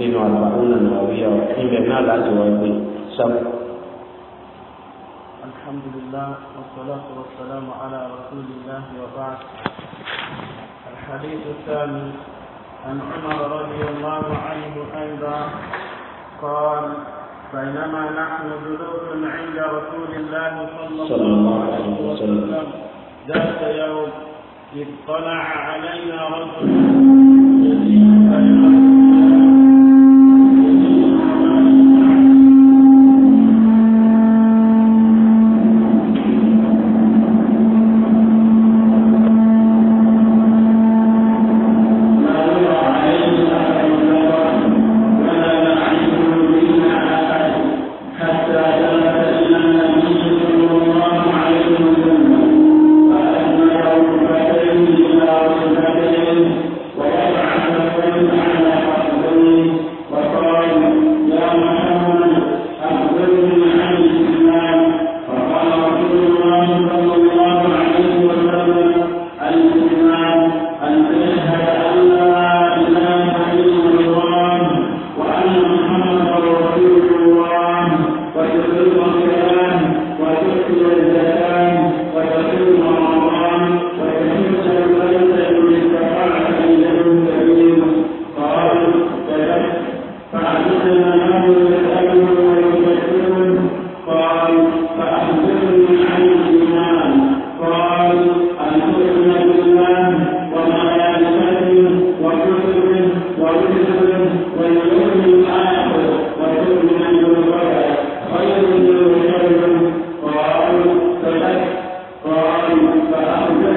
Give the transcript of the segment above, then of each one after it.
nínú àlàáhùn náà wíyà ibẹ̀ náà láti wá gbé sábà. الحديث الثاني عن عمر رضي الله عنه أيضا قال بينما نحن جلوس عند رسول الله صلى الله عليه وسلم ذات يوم اطلع علينا رجل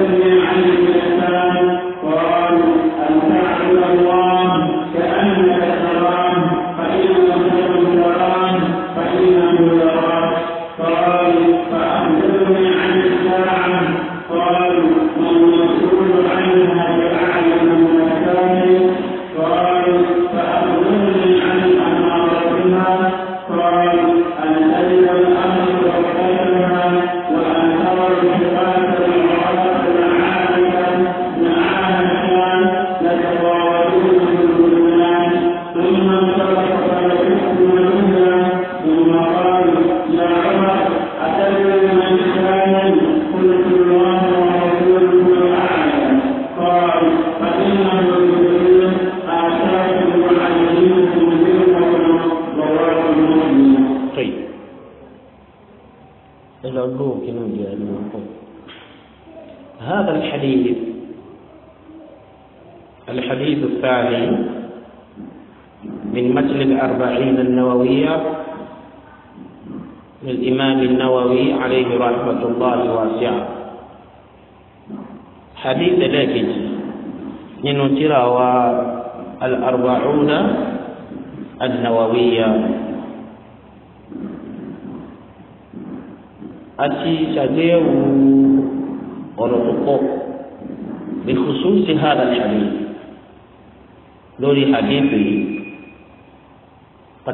وسلم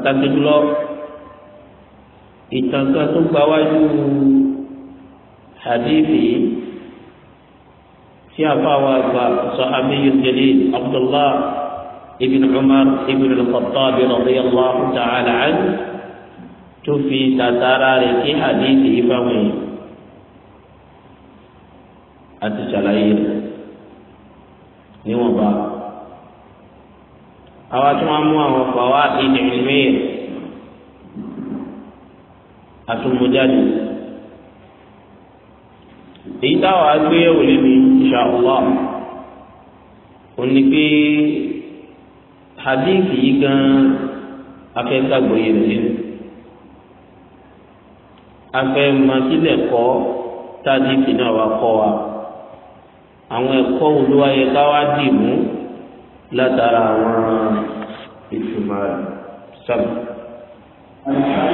pàtàkì jùlọ ìtàn kan tó gba wájú hadithi tí a fa wa gba sahabiyu jalil abdullah ibn umar ibn al-khattab radiyallahu ta'ala anhu tó fi tatara rẹ̀ kí hadithi ifáwọn yìí àti ṣàlàyé rẹ̀ níwọ̀nba àwọn tí wọ́n mú àwọn ọkọ̀ wá ìdè ìmẹ́yẹ àtúmọ̀jáde èyí táwọn agbéyẹ̀wò lébi insha Allah òní pé hadith yìí gan afẹ́kàgbọ̀yé rẹ̀ nínú afẹ́ màkílẹ̀ kọ́ tádìsì náà wà kọ́ wa àwọn ẹ̀kọ́ olúwa yẹ ká wá dì mú. látara àwọn ìtumọ̀ sọ́mù. Bẹ́ẹ̀ni máa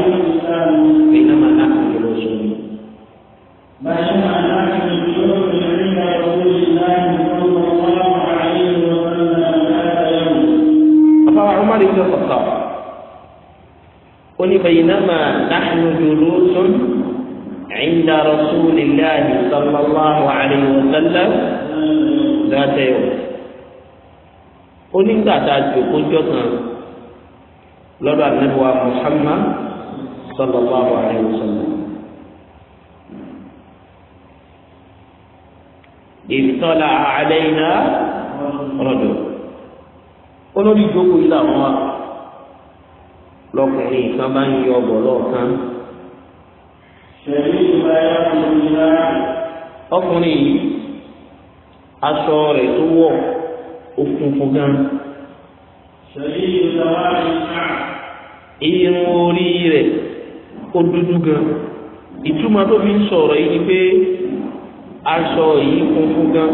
ná àwọn ìlú oṣù mi. Báyọ̀ máa ná àwọn ìlú oṣù mi nígbà oṣù láì mú ọmọ ọmọ ayé wọn náà yẹn. Bàbá wa Umar ibn Khattab. Oni bayinama nahnu julusun inda rasulillahi sallallahu alayhi wa sallam ذات يوم onígbà tá a ti na lọrọ kan lọ́dọ̀ anábíwá Muhammad sallallahu alaihi wasallam. ìtọ́lá àlẹ́yìnà ọ̀rọ̀dọ̀ olórí ìjókòó yìí làwọn wa lọkùnrin kan bá ń yọ ṣèlú kò ní ọkùnrin aṣọ rẹ̀ tó ó kún fún gan. ṣèyí ìlọ́wọ́ àìsàn. irun orí rẹ̀ ó dúdú gan. ìtumọ̀ tó fi ń sọ̀rọ̀ yìí ni pé aṣọ yìí kún fún gan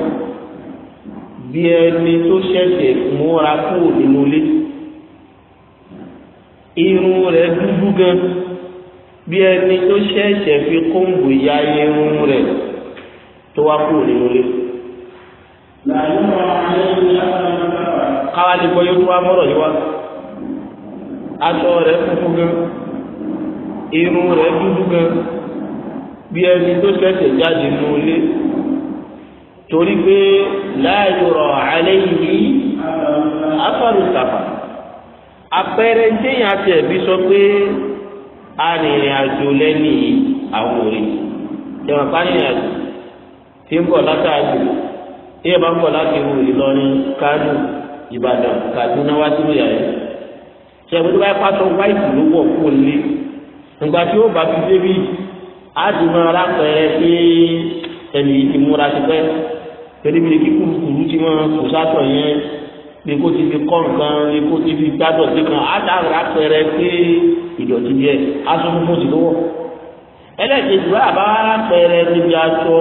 bí ẹni tó ṣẹ̀ṣẹ̀ múra kúrò nínú ilé irun rẹ̀ dúdú gan bí ẹni tó ṣẹ̀ṣẹ̀ fi kóńgò ya irun rẹ̀ tó wá kúrò nínú ilé. káwá ní gbọ́ yóò tún wá mọ́rọ̀ yìí wá aṣọ irun rẹ̀ dúdú gan ẹni tó ṣẹ̀ṣẹ̀ jáde nù torí pé láàyò rọ̀ afárùsàfà àti ẹbí sọ pé arìnrìnàjò arìnrìnàjò tí ń ẹ bá ń bọ̀ láti wo Ìlọrin Kánò Ìbàdàn Kaduna wá sí ìyá yẹn ṣẹ̀gbọ́n tó bá pàṣọ wáìtì ló wọ̀ kó lé ìgbà tí ó bá fi débi àdùnnà alápẹ̀rẹ̀ pé ẹnì ìmúra ti pẹ́ pẹ̀lúbìlì kíkúrú kùrú tí wọ́n kò sátọ̀ yẹn ni kó ti fi kọ́ nǹkan ni kó ti fi gbádọ̀ sí kan àdàrà alápẹ̀rẹ̀ pé ìdọ̀tí díẹ̀ aṣọ fúnfún ti lówọ̀ ẹlẹ́ẹ̀kejì bá àbá alápẹ̀rẹ̀ níbi aṣọ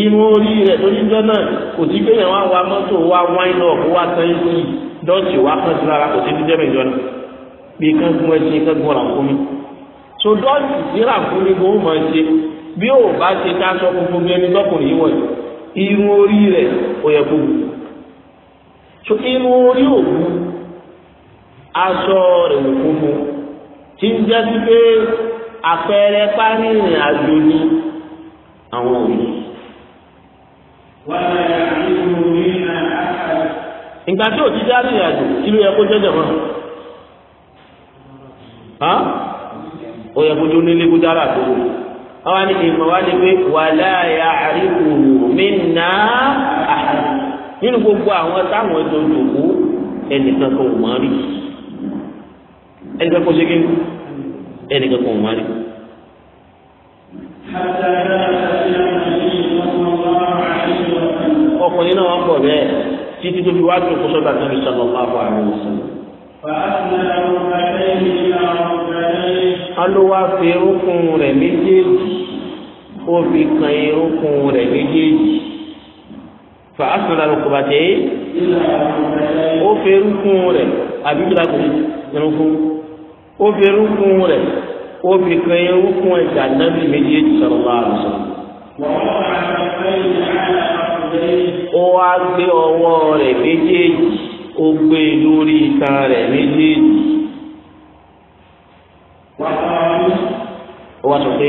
irun orí rẹ̀ tó níjọ́ náà kò sí kéèyàn wá wa mọ́tò wá wáìn náà kó wá tán sí dọ́ọ̀tì wá kàn sí rárá kò sí níjọ́ mẹ́jọ náà bí kán gún ẹṣin kán gún ọ̀ràn fún mi. so dọ́ọ̀tì síra fún mi kò mọ̀ ṣe bí ò bá ṣe ká sọ gbogbo bí ẹni tọkùnrin yìí wọ̀nyí irun orí rẹ̀ ò yẹ kó wù. so irun orí òwú aṣọ rẹ̀ wò funfun tí ń jẹ́ sí pé àpẹẹrẹ párí àjò ni àwọn òyìnbó ìgbà tí òjijì arìnrìn àjò kí ló yẹ kó jẹjẹ mọ ó yẹ kó jó nílé kó dára tó wò wọn ni ìmọ̀ wá ní pé wàlá ya àríwò mí nà á nínú gbogbo àwọn táwọn ètò ìdòkú ẹnìkan kan ò rí ẹnìkan kó ṣe kí ẹnìkan kan ò rí ọkùnrin náà wọ́n pọ̀ bẹ́ẹ̀ títí tó fi wá tó kó sọ́dọ̀ àti ìṣàn lọ́pọ̀ àbọ̀ àrùn ìṣàn. alówá fi irúkún rẹ̀ méjèèjì ó fi kan irúkún rẹ̀ méjèèjì fa asanra ló kọba tẹ ó fi irúkún rẹ̀ àbí kíláà kò irúkún ó fi irúkún rẹ̀ ó fi kan irúkún ẹ̀jẹ̀ ànábì méjèèjì sọ̀rọ̀ bá a lọ sọ̀rọ̀. wọ́n wá àwọn ọ̀rẹ́ ìyá náà rí ó wá gbé ọwọ́ rẹ̀ méjèèjì ó gbé e lórí itan rẹ̀ méjèèjì. ó wá sọ pé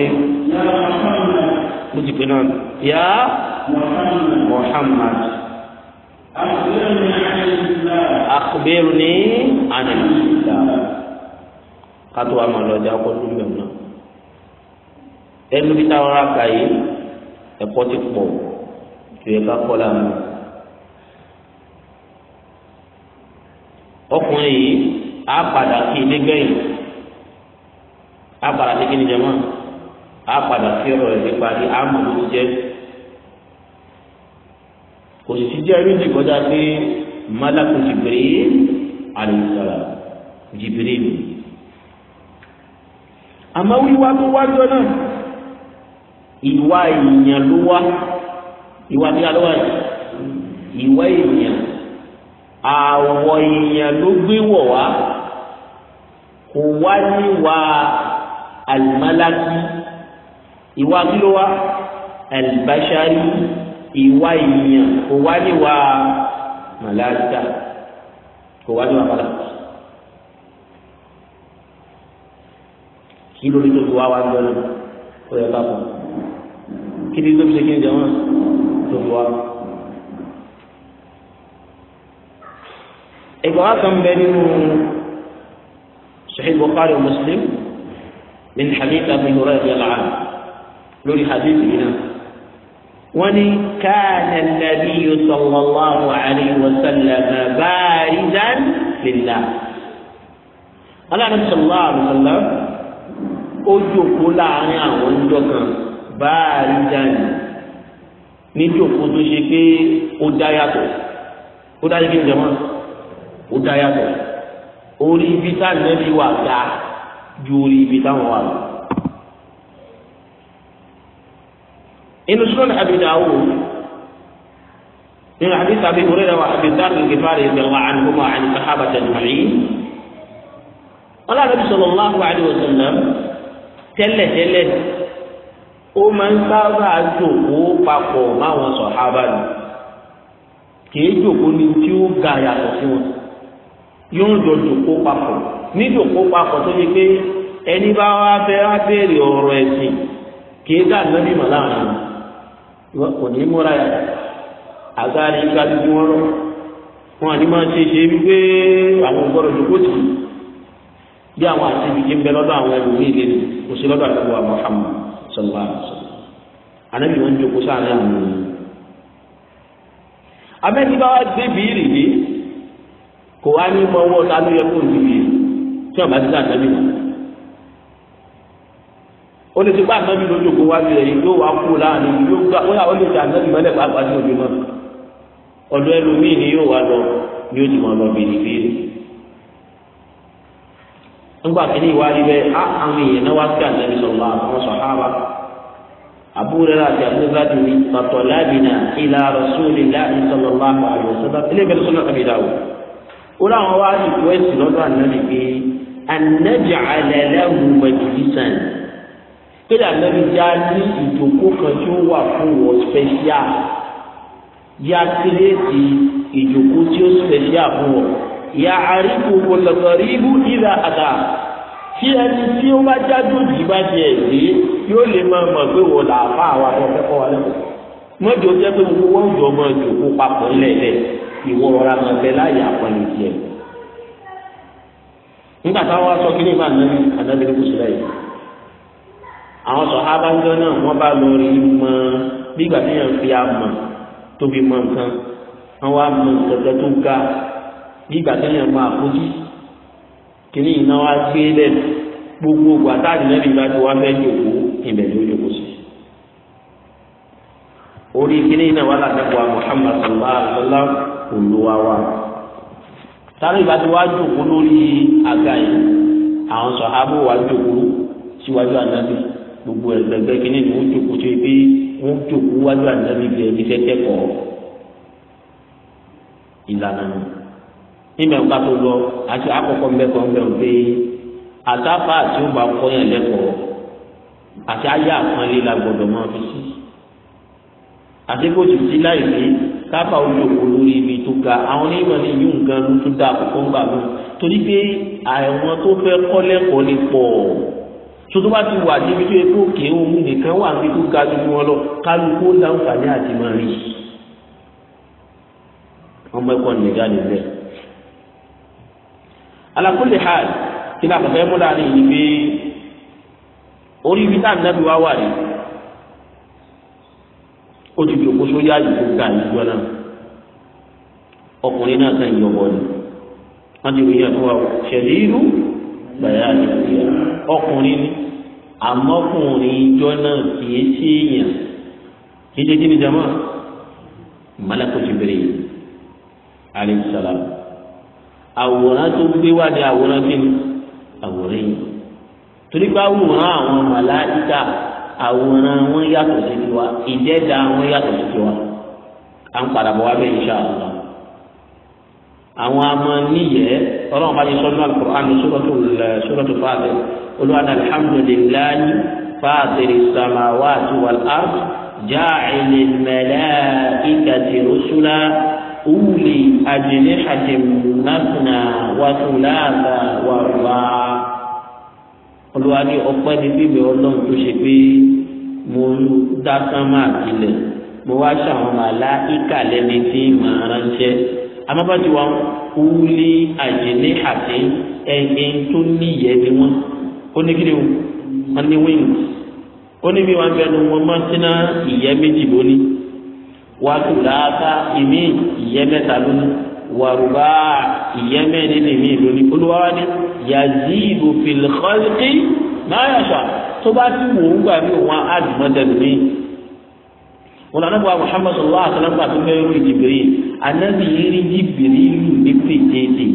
lójú pé náà yá Muhammad akhbirni anilá kátó wa máa lọ ọjà ọkọ tó mẹ́rin náà ẹnu bí táwọn ará ka yìí ẹ̀kọ́ ti pọ̀ tìyẹ ká kọ́ la mọ̀. ọkùnrin yìí á padà kí ilé gbẹ̀yìn á padà sí kí ni jẹ́ mọ́ á padà sí ọ̀rọ̀ rẹ̀ nípa ní àmọ̀ ló jẹ́ kò sì jẹ́ rí kọjá pé malakun Jibril alayisala Jibril mi àmọ́ wíwá tó wájọ náà ìwà èèyàn ló wá ìwà ní alọ́wà yìí ìwà èèyàn àwọ̀ èèyàn ló gbé wọ̀ wá kò wá níwà àlùmọ́lákì ìwà kí ló wá àlùbáṣárì ìwà èèyàn kò wá níwà màláìkà kò wá níwà màláìkà. kí lórí tó fi wá wá ń lọ ó yẹ ká bọ̀ kí ni tó fi ṣe kí ni jẹun náà. tòlúwa. ìgbà wa kan bẹ nínú Sahih Bukhari wa Muslim min hadith Abi Hurairah radiyallahu anhu lórí hadith yìí náà wọ́n ní káàna nàbíyù sallallahu alayhi wa sallam bárizan lillah aláàánú sallallahu alayhi wa sallam ó jókòó láàrin àwọn ọjọ́ kan bárizan. níbi òkú tó ṣe pé ó dá yàtọ̀ ó dá yàtọ̀ jẹmọ́ ó dá yàtọ̀ orí ibi táwọn ẹbí wà dá ju orí ibi táwọn wà lọ. inú Sunan Abi Dawud من حديث أبي هريرة وأبي ذر الغفاري رضي الله عنهما عن الصحابة أجمعين قال النبي صلى الله عليه وسلم تلة تلة ó máa ń sábà jòkó papọ̀ máwọn sọ̀hábà nù kìí jòkó ni tí ó ga yàtọ̀ sí wọn yóò jọ jòkó papọ̀ ní jòkó papọ̀ tó ní pé ẹni bá wá fẹ́ wá béèrè ọ̀rọ̀ ẹ̀sìn kìí dà lọ́bí mọ̀ kò ní múra yàtọ̀ àgárí kájú wọn lọ wọn àti máa ṣe ṣe wípé àwọn gbọ́dọ̀ jòkó tì bí àwọn àti ibi ń bẹ lọ́dọ̀ àwọn sọlá àbùsọ anabi wọn jókòó sáàrin àwọn ènìyàn abẹ́ni bá wá gbé bìírì dé kò wá ní mọ owó ọ̀tá ló yẹ kó ní bìírì tí wọn bá ti sáà tẹ́lẹ̀ wọn ó lè ti gbá anabi lójú kó wá bìírì yóò wá kú láàrin yóò gbá ó yà ó lè ti anabi mọ́lẹ̀ pàápàá sí ojú náà ọ̀dọ̀ ẹlòmíì ni yóò wá lọ ni ti mọ̀ lọ bìírì bìírì nígbà kìíní ìwádìí bẹ́ẹ̀ á àwọn èèyàn náà wá sí ànábi sọ̀rọ̀ àwọn sọ̀hábà àbúrò rẹ̀ àti àbúrò mi pàtó lábìnà ìlà rọ̀ṣúlì láì sọ̀rọ̀ láàbà àlùsọ̀dá ilé ìbẹ̀rẹ̀ sọ̀rọ̀ àbí dáwọ̀ ó láwọn wá sí ìwé ìsìn lọ́dọ̀ ànábi pé ànábi àlẹ́lẹ́hu mẹ̀jìlísàn pé ànábi já ní ìjókòó kan tí ó wà fún wọ spẹ́ṣíà já kíréètì ìjókòó tí ó spẹ́ṣíà fún wọ yàrìbù kòlọ̀kọ̀rìbù ìlà àgà tí ẹni tí ó bá jáde òjì bá di ẹ̀dí yóò lè máa mọ̀ pé wọ́n là á fà wá tó kẹ́kọ̀ọ́ wa lẹ́kọ̀ọ́ mọ́jọ jẹ́ pé gbogbo wọn jọ máa jòkó papọ̀ lẹ́lẹ̀ ìwọ ọ̀rá máa bẹ láyé àpọ̀lì tiẹ̀ nígbà táwọn aṣọ kí ní ìmọ̀ ànábi ànábi ní kùsùlẹ̀ yìí àwọn sọ abájọ náà wọ́n bá lọ mọ bí ìgbà fi amọ̀ tóbi mọ nǹkan wọ́n wá nǹkan tó ga bí ìgbà tó yàn máa kó sí kìíní iná wá gbé lẹ́nu gbogbo ògbà táàdì lẹ́nu ìgbà tó wá fẹ́ jòkó ìbẹ̀ ló jòkó sí. orí kìíní iná wà látẹ̀kọ̀ Muhammad sallallahu alaihi wasallam olùwàwà sáré ìgbà tó wá jòkó lórí àga yìí àwọn sọ̀hábù wá jòkó síwájú ànábì gbogbo ẹgbẹgbẹ kìíní ni wọn jókòó tó ebi wọn jókòó wájú ànábì bí ẹbí fẹ́ kẹ́kọ̀ọ́ ìlànà náà níbẹ̀ ń ká tó lọ àti akọ̀kọ̀ mbẹ́kọ̀ ń bẹ̀rù pé àtàfà àti ó bá kọ́ yẹn lẹ́kọ̀ọ́ àti ayé àpọ́nlé la gbọ́dọ̀ máa fi sí àti kò sì sí láì pé káfà ó lò kó lórí ibi tó ga àwọn onímọ̀ ní yóò gan ló tún dá àkókò ń gbà mí torí pé àwọn tó fẹ́ kọ́ lẹ́kọ̀ọ́ lè pọ̀ tuntun bá ti wà níbi tó yẹ kó kéé ohun nìkan wà níbi tó ga ju wọn lọ kálukú láǹfààní àti máa ọmọ ẹ̀kọ́ nìga nìbẹ̀ ala kulli hal kí náà fẹ́ mú láàrin yìí pé orí ibi tá ànábi wá wà rí ó ti fi òkú sóyá yìí tó ga ìjọ náà ọkùnrin náà kàn yọ wọlé wọn ti wíyàn fún wa ṣẹlẹ̀ irú gbàyà nìyà ọkùnrin ni àmọkùnrin ìjọ náà kì í ṣe èèyàn kì í kí ni jama malakoti bèrè alayhi salam àwòrán tó gbé wá ní àwòrán kí ni àwòrán yìí torí pé àwòrán àwọn màláìka àwòrán wọn yàtọ̀ sí tiwa ìdẹ́dà wọn yàtọ̀ sí tiwa à ń padà bọ̀ wá bẹ́ẹ̀ insha Allah àwọn àmọ́ níyẹ́ ọlọ́run bá yẹ sọ́nù al-Qur'an suratu Fatir olùwàdà alhamdulillahi fatiri samawati wal ard ja'ilil malaikati rusula. أولي أجنحة مثنى وثلاثة وأربعة olúwa ní ọpẹ́ ní bíbẹ Ọlọ́run tó ṣe pé mo dá sánmà àtìlẹ̀ mo wá ṣàwọn màlá ìkà lẹni tí màá ránṣẹ́ amábàtí wa kú ní àjẹlé àti ẹyìn tó níyẹ ni wọn ó ní kíni wọn ní wíńgì ó ní bí wọn bẹnu wọn máa ń tẹná ìyẹ́ méjì lónìí wàtúlàáta ìmí ìyẹ́ mẹ́ta lónìí wàrúbá ìyẹ́ mẹ́rin nìmí lónìí olúwa ni yazidu fil khalqi máa yàtọ̀ tó bá ti wò ó gbà bí wọn á dùnmọ́ tẹ̀lé mi. wọn lànà bọ́ Muhammad sallallahu alaihi wa sallam tó mẹ́rin rí jìbìrì anabi rí jìbìrì lù ní pèjèdè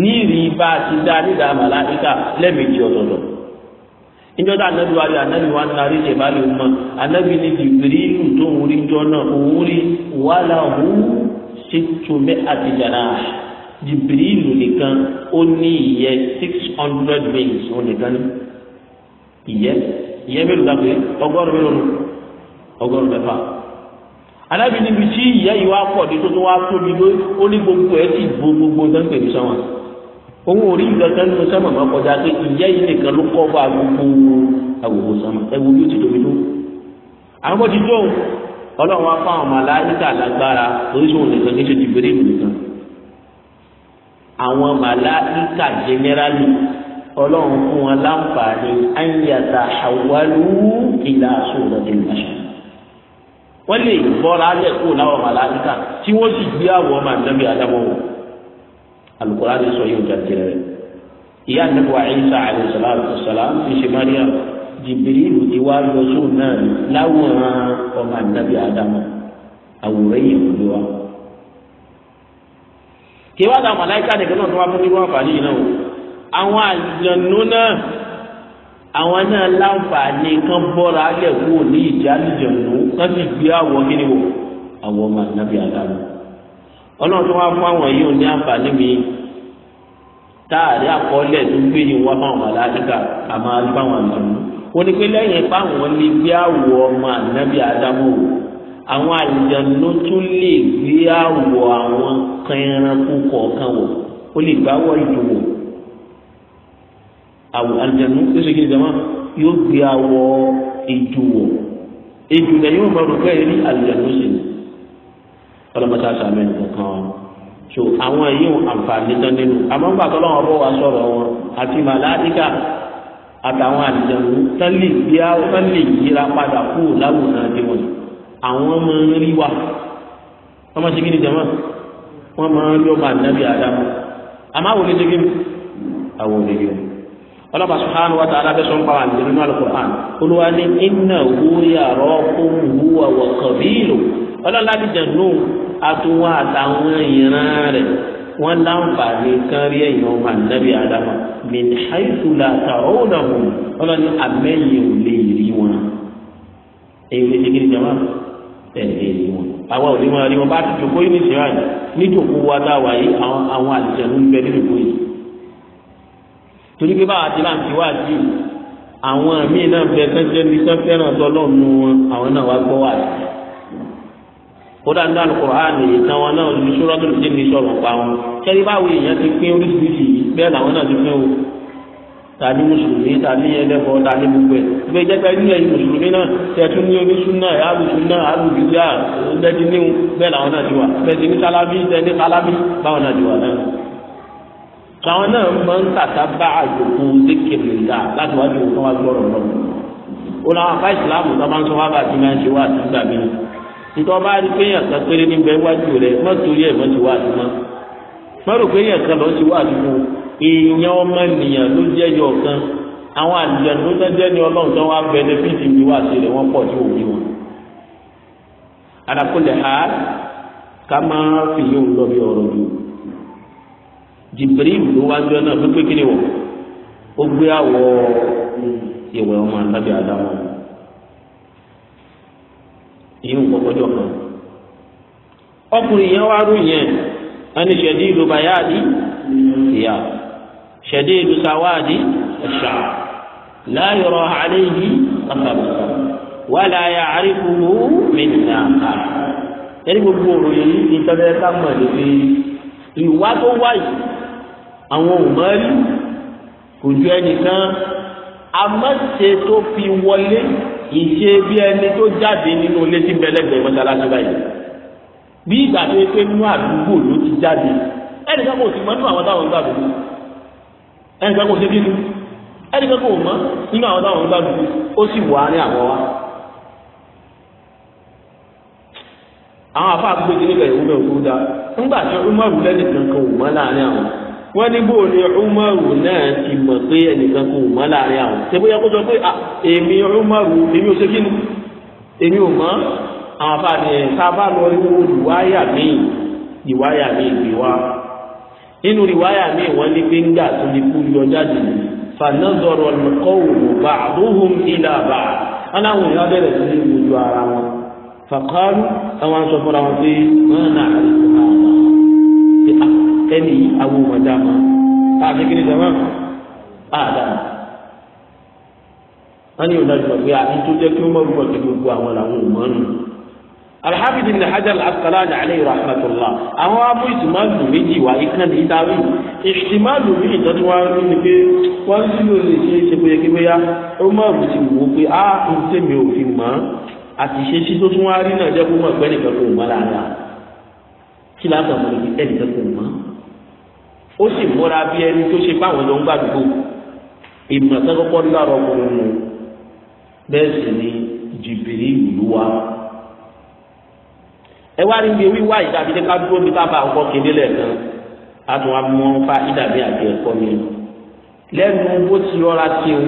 ní ìrìn bá ti dá nídàá màláìka lẹ́ẹ̀mejì ọ̀dọ̀dọ̀ níjọ́ tá anabi wa lé anabi wa nari ṣe balẹ̀ o ma anabi ni jibirilu tó ń wuli jọ náà o wuli wàhálà hu ṣe tùmẹ̀ àtijọ́ra jibirilu nìkan ó ní ìyẹ́ six hundred wings ó nìkan ní ìyẹ́ ìyẹ́ mélòó dàgbé ọgọ́rùn mélòó nù ọgọ́rùn mẹ́fà anabi níbi tí ìyẹ́ yìí wá pọ̀ ní tó tó wá tóbi ló ó ní gbogbo ẹ̀ ti bo gbogbo tó ní sọ́wọ́n owó orí ìgbàgbọ́ nínú sọ́mọ̀ máa kọjá pé ìyá yìí nìkan ló kọ́ bá gbogbo àwòrán sọ́mọ̀ ẹ̀wò bí ó ti tóbi tó. àwọn ti tó ọlọ́run afá àwọn màláíkà lágbára oríṣiríṣi nìkan kí n ṣe ti bèrè ìlú nìkan. àwọn màláíkà jẹnẹrálì ọlọ́run fún wọn láǹfààní ayíyàtà àwálú ìlà sóòdà tó lè ṣe. wọ́n lè bọ́ra lẹ́kọ̀ọ́ láwọn màláíkà tí wọ́n sì gbé àwọ̀ ọmọ àdàbí alukóra ni sọ yóò jáde rẹ ìyá nípa wa Isa alayhi salatu wassalam fi ṣe Mariam jìbìrìlù ti wá lọ sóun náà láwọn ọmọ ànábì Ádámù àwòrán yìí ló wá kí wá dà màláìka nìkan náà tó wá fún irú àǹfààní yìí náà o àwọn àjànú náà àwọn náà láǹfààní kan bọ́ra alẹ́ kúrò ní ìjà àlùjànnú kan sì gbé àwọn kí ni o àwọn ọmọ ànábì ọlọ́run tó wá fún àwọn yìí ò ní àǹfààní mi táàrí àkọọ́lẹ̀ tó gbé yìí wá fáwọn màláìka àmọ́ àlùfáwọn àlùfáwọn wọn ni pé lẹ́yìn fáwọn lè gbé àwọ̀ ọmọ ànábì ádámù wò àwọn àlùjànnú tún lè gbé àwọ̀ àwọn kan ẹranko kọ̀ọ̀kan wò ó lè gbá wọ̀ ìdòwò àwọ̀ àlùjànnú tó ṣe kéde jama yóò gbé àwọ̀ ìdòwò ìdòwò yóò mọ̀ rògbò ẹ̀rí àlùjànnú ṣe ni ọlọ́mọta sàmì nìkan wọn so àwọn yìí àǹfààní tán nínú àmọ́ nígbà tó lọ́wọ́ bó wa sọ̀rọ̀ wọn àti màláìka àtàwọn àdìjẹ̀mú tẹ́lẹ̀ bí a tẹ́lẹ̀ yíra padà kú láwùjọ àti wọn àwọn ọmọ rí wa ọmọ ṣe kí ni jẹ̀mọ́ wọn máa ń lọ máa nàbí àdámọ́ àmọ́ àwọn oníṣẹ́ kí ni àwọn oníṣẹ́ kí ni sùhánù wa tààlà bẹ́ẹ̀ sọ́n pàwọn àdìjẹ̀mú nínú ọlọ́lá dìjà nù àtúwọ́ àtàwọn ìran rẹ̀ wọ́n láǹfààní kan rí ẹ̀yìn ọmọ ànábì àdàmà min haitu la tarawunahum ọlọ́ni amẹ́yìn ò lè rí wọn èyí lè ṣe kí ni jama tẹ̀lé rí wọn àwa ò lè máa rí wọn bá ti jòkó yìí ní ìṣẹ́ àyè nítòkó wa tá a wà yìí àwọn àwọn àlùjànnú ń bẹ nítòkó yìí torí pé báwa ti láǹtí wá sí i àwọn míì náà bẹ sẹ́ńtẹ́ ní tọ́lọ́ọ̀nù wọn àwọn náà wá gbọ́ wà kódà ní alukur'ani ìtàn wọn náà ní sọ́rọ́ tó lè jẹ́ ní sọ̀rọ̀ pa wọn kẹ́rí báwo èèyàn ti pín oríṣiríṣi bẹ́ẹ̀ làwọn náà ti pín o tàbí mùsùlùmí tàbí ẹlẹ́fọ́ tàbí gbogbo ẹ̀ ìgbẹ́ jẹ́pẹ́ ní ẹ̀yìn mùsùlùmí náà tẹ̀tún ní oníṣúná alùsúná alùbíyà lẹ́dí níhun bẹ́ẹ̀ làwọn náà ti wà bẹ́ẹ̀ ti ní sálábí tẹ́lẹ̀ sálábí báwọn náà ti wà náà. àwọn náà máa ń tàta bá àjòkù dékèrè dà láti wájú òkú wa gbọ́rọ̀ lọ. ó làwọn afá ìsìlámù tó máa ń sọ wá bá ti máa ń ṣe wá àti gbàgbé nítorí ọba rí pé yàn kan péré níbẹ̀ wájú rẹ̀ má torí ẹ̀ má ti wá àdúgbò má rò pé yàn kan lọ́ọ́ ti wá àdúgbò èèyàn ọmọ ènìyàn ló jẹ́ yọ kan àwọn àlùjànnú tó jẹ́ ní ọlọ́run tó wá bẹnẹfíìtì mi wá sí rẹ̀ wọ́n pọ̀ tí òun yìí wọn. àdàkùnlé ha ká máa fi yóò lọ bí ọ̀rọ̀ ju Jibril ló wá jọ náà pípé kí ni wọ̀ ó gbé àwọ̀ ìwẹ̀ ọmọ àtàbí àdáwọn ìyẹn òkòkòjọ kan ọkùnrin yẹn wá rú yẹn ẹni ṣẹdí ìlú bayáàdì ìyá ṣẹdí ìlú sawáàdì ẹṣà láyọrọ àléyìí kàkàbùkà wàlá yà àríkùrú mẹsàkà ẹni gbogbo ọ̀rọ̀ yìí ní tọ́lẹ̀ ká mọ̀ ní ìwà tó wáyé àwọn ò kò ju ẹnìkan amáṣe tó fi wọlé ìṣe bí ẹni tó jáde nínú ilé tí bẹlẹgbẹ mọ́sálásí báyìí bí ìgbà tó pé nínú àdúgbò ló ti jáde ẹnì kan kò sì mọ̀ nínú àwọn táwọn ń gbàdúgbò ẹnì kan kò sí kí ni ẹnì kan kò mọ̀ nínú àwọn táwọn ń gbàdúgbò ó sì wà ní àwọn wa. àwọn afáàgbé ti níbẹ̀ ìwúlẹ̀ òkúta ńgbà tí ó mọ̀ ìwúlẹ̀ nìkan kan ò mọ̀ láàrin àwọn wọ́n ní bò ní Umaru náà ti mọ̀ pé ẹnìkan kò mọ́ láàrin àwọn ṣé bóyá kó sọ pé èmi Umaru èmi ò ṣe kí ni èmi ò mọ́ àwọn afáàní ẹ̀ tá a bá lọ irú ìwáyà míì ìwáyà míì gbé wá nínú ìwáyà míì wọ́n ní pé ńgbà tó ní kú yọ jáde fanazọrọ kọwùrù bá àdúhùn ilà aláwọn èèyàn bẹ̀rẹ̀ sí ní ojú ara wọn fàkọọlù àwọn aṣọ fúnra wọn pé wọn náà àríkù náà ẹni yìí awo wọn dá ma àti kí ni jama àdá wọn ni ìwọ̀n dàgbà pé àti tó jẹ́ kí wọ́n mọ̀ kí gbogbo àwọn làwọn ò mọ̀ nù. alhamdu ibn hajar al-asqalani alayhi rahmatulah àwọn amú ìtìmáàlù méjì wá ìkànnì ìdáwì ìtìmáàlù mi ìtọ́jú wa rí ni pé wọ́n sì yóò lè ṣe ṣe pé kí bóyá ó mọ̀ ọ́ ti wò ó pé á ń tẹ̀mí òfin mọ́ àti ìṣesí tó tún wá rí náà jẹ́ kó mọ̀ pẹ́ nìkan kò mọ́ lára kí láǹkà mọ̀ ní ẹnìkan kò mọ́ ó sì múra bí ẹni tó ṣe báwọn ló ń gbàdúgbò ìmọ̀ tó kọ́kọ́ lára ọkùnrin nù bẹ́ẹ̀ sì ni jìbìrì ìlú wa ẹ wá rí ibi wíwá ìdàbí ká dúró ní bàbá ọkọ kéde lẹ́ẹ̀kan a tún wá mú fa ìdàbí àti ẹ̀kọ́ mi lẹ́nu bó ti rọra ti o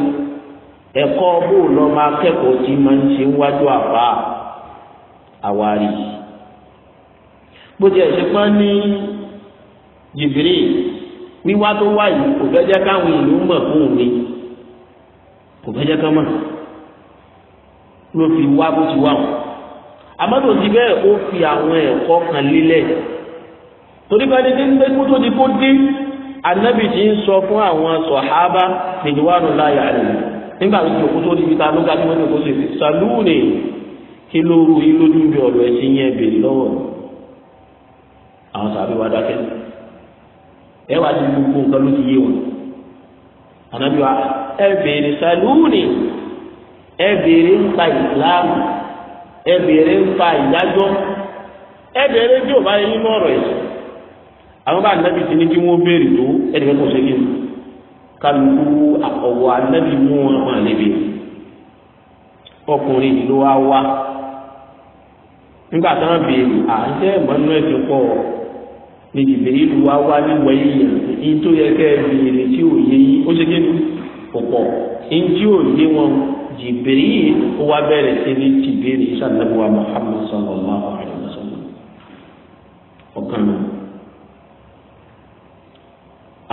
ẹ̀kọ́ bó lọ máa kẹ́kọ̀ọ́ tí máa ń ṣe wájú àbá àwárí bó ti ẹ̀ ṣe pọ́n ní jìbìrì wíwá tó wá yìí kò fẹ́ jẹ́ káwọn ìlú mọ̀ fún òwe kò fẹ́ jẹ́ ká mọ̀ ló fi wá bó ti wá wọn amadu ti bẹ́ẹ̀ ó fi àwọn ẹ̀kọ́ kan lílẹ̀ torí pẹ́ẹ́ni tí ń gbé kó tó di kó dé anabi ti ń sọ fún àwọn sọ̀hábà nìdíwánu láyà rẹ̀ nígbà tó ti kó tó di ta ló ga ní kó sì sàlúùnì kí ló ru yín bí ọ̀rọ̀ ẹ̀sìn yẹn bèrè lọ́wọ́ àwọn sàbí dákẹ́ ẹ wá di gbogbo nǹkan ló ti yé wọn ànábi wa ẹ béèrè sàlúùnì ẹ béèrè ń pa ìsìláàmù ẹ béèrè ń pa ìdájọ́ ẹ béèrè bí ò bá yẹ nínú ọ̀rọ̀ ẹ̀sìn àwọn bá ànábi ti ní kí wọ́n béèrè tó ẹnìkan kò ṣe kí n kálukú ọ̀wọ́ ànábi mú wọn wọn àlebi ọkùnrin ló wá wá nígbà tí wọ́n béèrè à ń jẹ́ ìmọ̀ nínú ẹ̀sìn pọ̀ ni jìbìrì ìlú wa wá níwẹ̀ yìnyín ní tó yẹ kẹ́ ẹ bìrì tí ò yé yín ó ṣe kí kò pọ̀ ní tí ò yé wọn jìbìrì ó wá bẹ̀rẹ̀ sí ní jìbìrì sànàbùwà Muhammad sallallahu alayhi wa sallam ọ̀kan náà.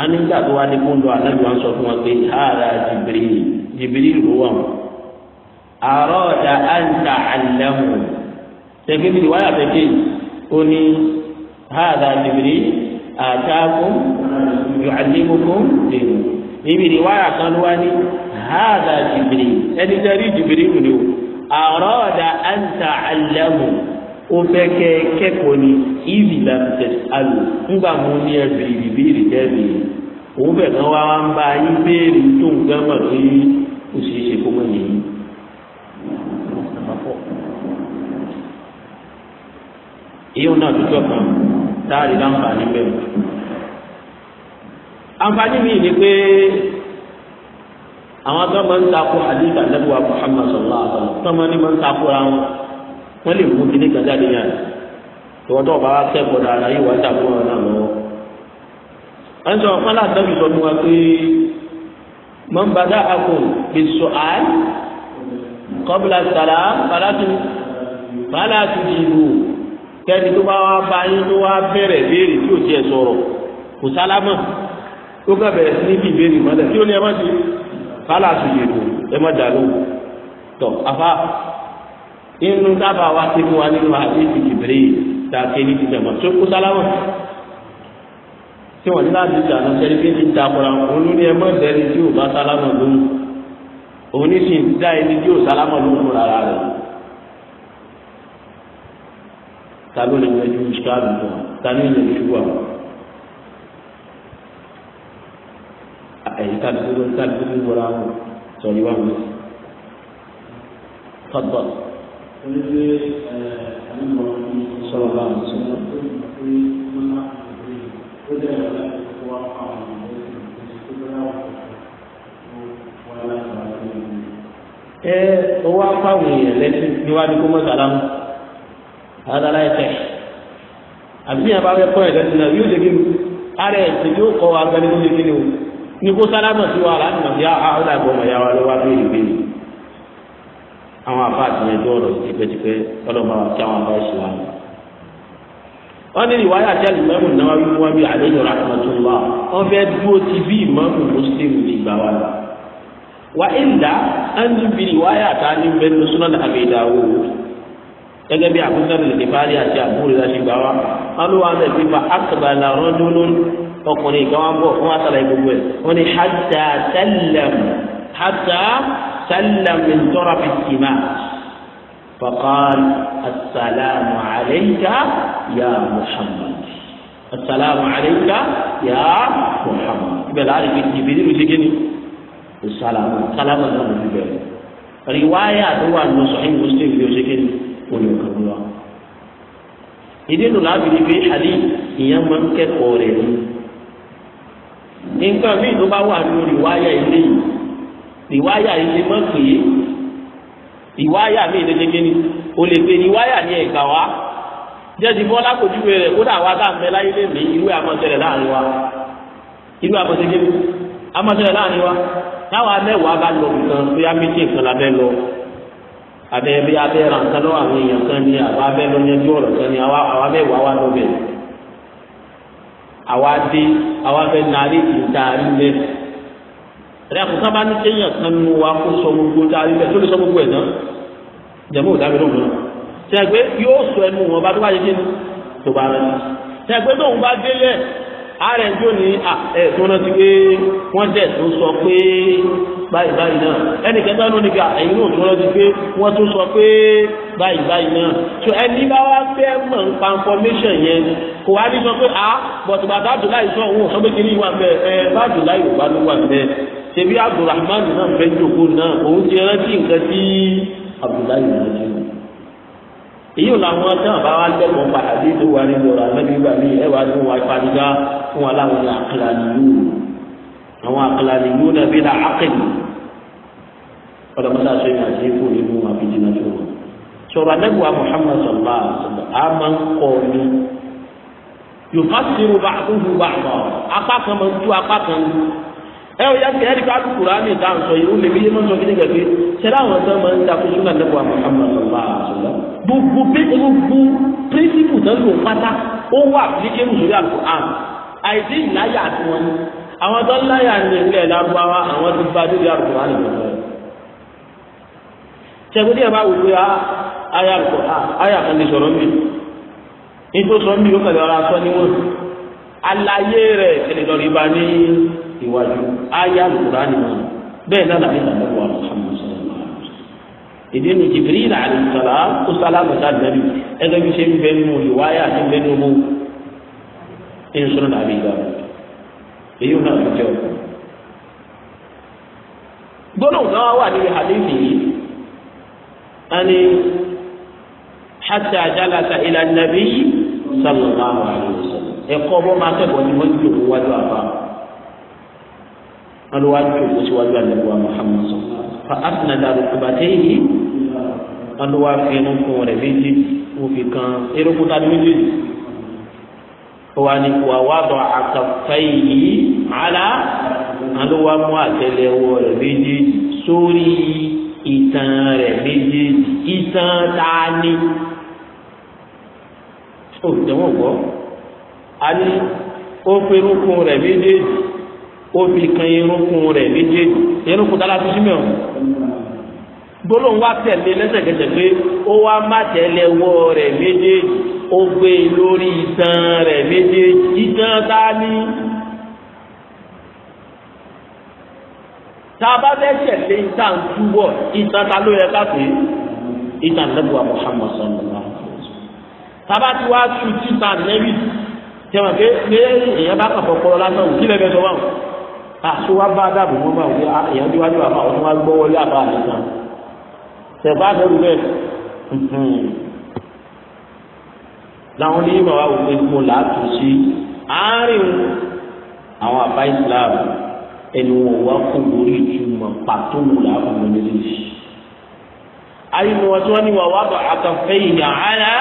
a ní nígbà tó ní kó ń lọ ànábì sọ fún wọn pé hàrà jìbìrì jìbìrì ìlú wà wọn. àrọ̀ ọ̀dà àǹtà àlẹ́ wọn. ṣé kí ni wáyà fẹ́ kéyìí ó ní. هذا جبريل آتاكم يعلمكم دين níbi ìwáyà kan ló wá ní hàdà jìbìrì ẹni darí jìbìrì ni o àròdà àǹtà àlẹ́mù ó fẹ́ kẹ́ kẹ́kọ̀ọ́ ni ìbí làbùtẹ̀ àlù ńgbà mú ní ẹbí ìbéèrè jẹ́bi òun bẹ̀ kan wá wá ń bá yín béèrè tó ń gbẹ́mọ̀ pé ó ṣeé ṣe kó mọ̀ nìyí. èyí náà dúdú kan táàrí láǹfààní bẹ́ẹ̀. àǹfààní mi ni pé àwọn tó máa ń takò àdìgbà lẹ́bùwà Muhammad sallallahu alaihi wasallam tó máa ń máa ń takò ra wọn wọ́n lè mú kíní kan jáde yàrá tọ́wọ́ tó bá kẹ́kọ̀ọ́ dára yìí wà á takò wọn náà lọ́wọ́. à ń sọ fọlá àtàbí sọ fún wa pé man bada'akum bis-su'al qabla salam fala tujibu kẹ́ni tó bá wá bá yín tó wá bẹ̀rẹ̀ béèrè tí ò tiẹ̀ sọ̀rọ̀ kò sálámà tó kàn bẹ̀rẹ̀ sí níbi ìbéèrè mọ́lẹ̀ kí ló ní ẹ má ti kálá àtúnyè ẹ má dàlú tọ̀ afá inú dábàá wa ti mú wa nínú àdéhùn ìbéèrè tá a ké ní ti jẹ̀mọ́ tó kó sálámà tí wọ́n ní láti dànù sẹ́ni bí ti dàpọ̀ra òun ló ní ẹ má dẹ́ni tí ò bá sálámà lóhùn òun ní sì ń dá ẹni tí ò sálámà lóhùn rárá rẹ̀ ta ló lè yanjú ìṣáàlù fún wa ta ní ìyẹn ìṣubú àwọn. ẹ̀yìn kálukú ló ń kálukú ló ń wọra wọn sọ ni wọn wọ sí. tọ́tọ̀. sọ̀rọ̀ bá wọn sọ. ẹ owó apá wòye lẹ́sìn níwájú kó mọ̀ sálámù. هذا لا يصح àbí yàrá bẹ kọ́ ẹ̀dá nínú yóò lè kíni ara ẹ̀sìn yóò kọ́ agbẹ́ni yóò lè kíni o ní kó sálámà sí wa aláàbò màá yá àwọn àgbọ̀ màá yá wa lọ́wọ́ abéèrè béèrè àwọn afa àtìyànjú ọ̀rọ̀ tipẹ́tipẹ́ ọlọ́mọ àwọn tí àwọn afa ẹ̀sìn wa. wọ́n ní ìwáyà àti àlùmọ́ọ̀mù náà wí wọ́n bí àlejò rahmatullah wọ́n fẹ́ dúró ti bí ìmọ̀ọ̀mù mùsùlùmù ní ìgbà wa wa ìlà ẹnu bí ìwáyà àtàlẹ́ bẹ́ẹ̀ ní sunan àbẹ̀dàwó gẹ́gẹ́ bí abudulayi lèkìfàlì àti àbúrò gbà wa wọn ló wà ní ìfipá akabala rọdúnún ọkùnrin kan wọn bọ fún asàlàyé gbogbo ẹ wọn ni hata sallam hata sallam ntọ́ra fi tì mà faqal asàlámù alayka ya muhammad asàlámù alayka ya muhammad ibẹ̀ láàrin fi jìbì nínú ṣẹ́gẹ́ni o salama salama náà ló fi bẹ̀rẹ̀ riwaya tó wà lọ sọ̀hìn muslim ló ṣẹ́gẹ́ni. olùkàwé wa. ìdí nu láti rí pé ìyá máa ń kẹ́kọ̀ọ́ rẹ̀ ni. nǹkan míì ló bá wà lórí wáyà ilé yìí ìwáyà ilé ìwáyà ni o lè pe ìwáyà ní ẹ̀gbà wa jẹ́sí bọ́lá kò júwe rẹ̀ kódà wa tá à ń bẹ láyé lè ní irú láàrin wa irú àmọ́sẹ̀rẹ̀ láàrin wa táwa mẹ́wàá bá abẹ́bí abẹ́ra nǹkan lọ́wọ́ àwọn èèyàn kan ní àbá abẹ́ lọ́yẹ́jú ọ̀rọ̀ kan ní awa abẹ́ wà wá lọ́bẹ̀ àwa dé àwa fẹ́ nàárẹ̀ kì í ta àrílẹ̀ rẹ̀ kò sábà ní kéèyàn kan nu wa kó sọ gbogbo ta àrílẹ̀ tó lè sọ gbogbo ẹ̀ náà jẹ̀mú ò dábẹ́ lóhùn náà yóò sọ ẹnu wọn bá tó bá yẹ kí ni tó bá rẹ̀ tẹ̀gbẹ́ tóun bá délẹ̀ ààrẹ tí ó ní ẹ̀sùn náà ti pé wọ́n dẹ̀ tó sọ pé báyìí báyìí náà ẹnì kẹta ló ní ká ẹ̀yìn náà tí wọ́n ti pé wọ́n tó sọ pé báyìí báyìí náà tó ẹni bá wá fẹ́ mọ̀ ń pa information yẹn kò wá ní sọ pé a bọ̀tù bàtà Abdullahi sọ òun sọ pé kí ni ìwà ẹ bá Abdullahi ò bá ló wà mẹ ṣebí Abdulrahman náà fẹ́ jòkó náà òun ti rántí nǹkan tí Abdullahi ò rántí èyí ò làwọn tán àbá wa lẹ́kọ̀ọ́ padà dé tó wà nínú ọ̀rọ̀ àmọ́ nígbà míì ẹ wà nínú wa ìpàdéga fún wa láwọn àkàlàníyù àwọn àkàlàníyù náà bí náà ákèlì ọlọmọdé aṣọ ìrìn àti nínú àbíjì náà sọ̀rọ̀ anẹ́gbẹ̀wá Muhammad sọ̀lá a máa ń kọ́ ni yòókà sí irú bá àkókò bá àbọ̀ apá kan máa ń tú apá kan ẹ o yà sẹ́yìn ká kúkúrú àmì ìta sọ yìí ó lè fi yé mọ́ sọ kí ní kẹfẹ́ sẹ́dá àwọn sọ máa ń ta kó súnà nípa Muhammad sallallahu alaihi wasallam gbogbo gbogbo pírísìpù náà lò pátá ó wà nígbè mùsùlùmí Al-Qur'an àìsí ìláyà àti wọn ni àwọn tó ń láyà ní ilẹ̀ lágbára àwọn ti bá dúdú Al-Qur'an nìkan sẹ́gun díẹ̀ bá wù pé ayé Al-Qur'an ayé àkàndé sọ̀rọ̀ mi iwájú ayé alukura ni wọn bẹ́ẹ̀ náà làbí làbí wà lọhàmù sọlá ìdí nu Jibril alayhi salam kó sálámù sáàdìmẹbi ẹgbẹ bí ṣe ń bẹ nínú ìwáyà àti bẹ nínú owó ẹni sọlá nàbí ìgbà èyí ò náà fi jẹ ọkọ gbọ́dọ̀ náà wà níbi hadithi yìí ẹni hatta jalasa ila nabi sallallahu alayhi wa sallam ẹ̀kọ́ bọ́ máa kẹ́kọ̀ọ́ ni wọ́n ti dòkó wájú àbá wọn lọ wá jòkó síwájú àlẹbùwà Muhammad sọ fa asinada rukbatayhi wọn lọ wá fi inú kun rẹ méjì wọn fi kan erékùtà méjì wani wa wadọ akafayi ala alo wa mu àtẹ́lẹwọ́ rẹ̀ méjèèjì sórí itan rẹ̀ méjèèjì itan taani o jẹmọ gbọ ani o perukun rẹ̀ méjèèjì ó fi kan irúnkún rẹ̀ méjèèjì irúnkún tálá fi símẹ̀ o gbólóhùn wa tẹ̀lé lẹ́sẹ̀kẹsẹ̀ pé ó wá má tẹ̀lé wọ́ rẹ̀ méjèèjì ó gbé e lórí itan rẹ̀ méjèèjì itan tá a ní. tá a bá fẹ́ tẹ̀lé itan túbọ̀ itan ta ló yẹ ká pè é itan lẹ́bùwà Muhammad sallallahu alaihi wasallam. tá a bá ti wá tu títa nẹ́bì tẹ̀wọ̀n pé pé èèyàn bá kàn fọ́ kọ́lọ́ lásán kí lè sọ wọn àṣewá ah, bá dàbò mọ́ máa wí ah, èèyàn bí wá ní bàbá àwọn wá gbọ́ wọlé àbá àlẹ́ náà tẹ̀gbá àbẹ̀rù bẹ́ẹ̀ hmm. làwọn ní bàbá wò pé mo là á tù sí àárín àwọn àbá Islam ẹni wọn wá kó lórí ìtumọ̀ pàtó wò là á fún mi nílé yìí àyìnbó wọn tí wọn ní wà wá bàtà fẹ́yìn yàrá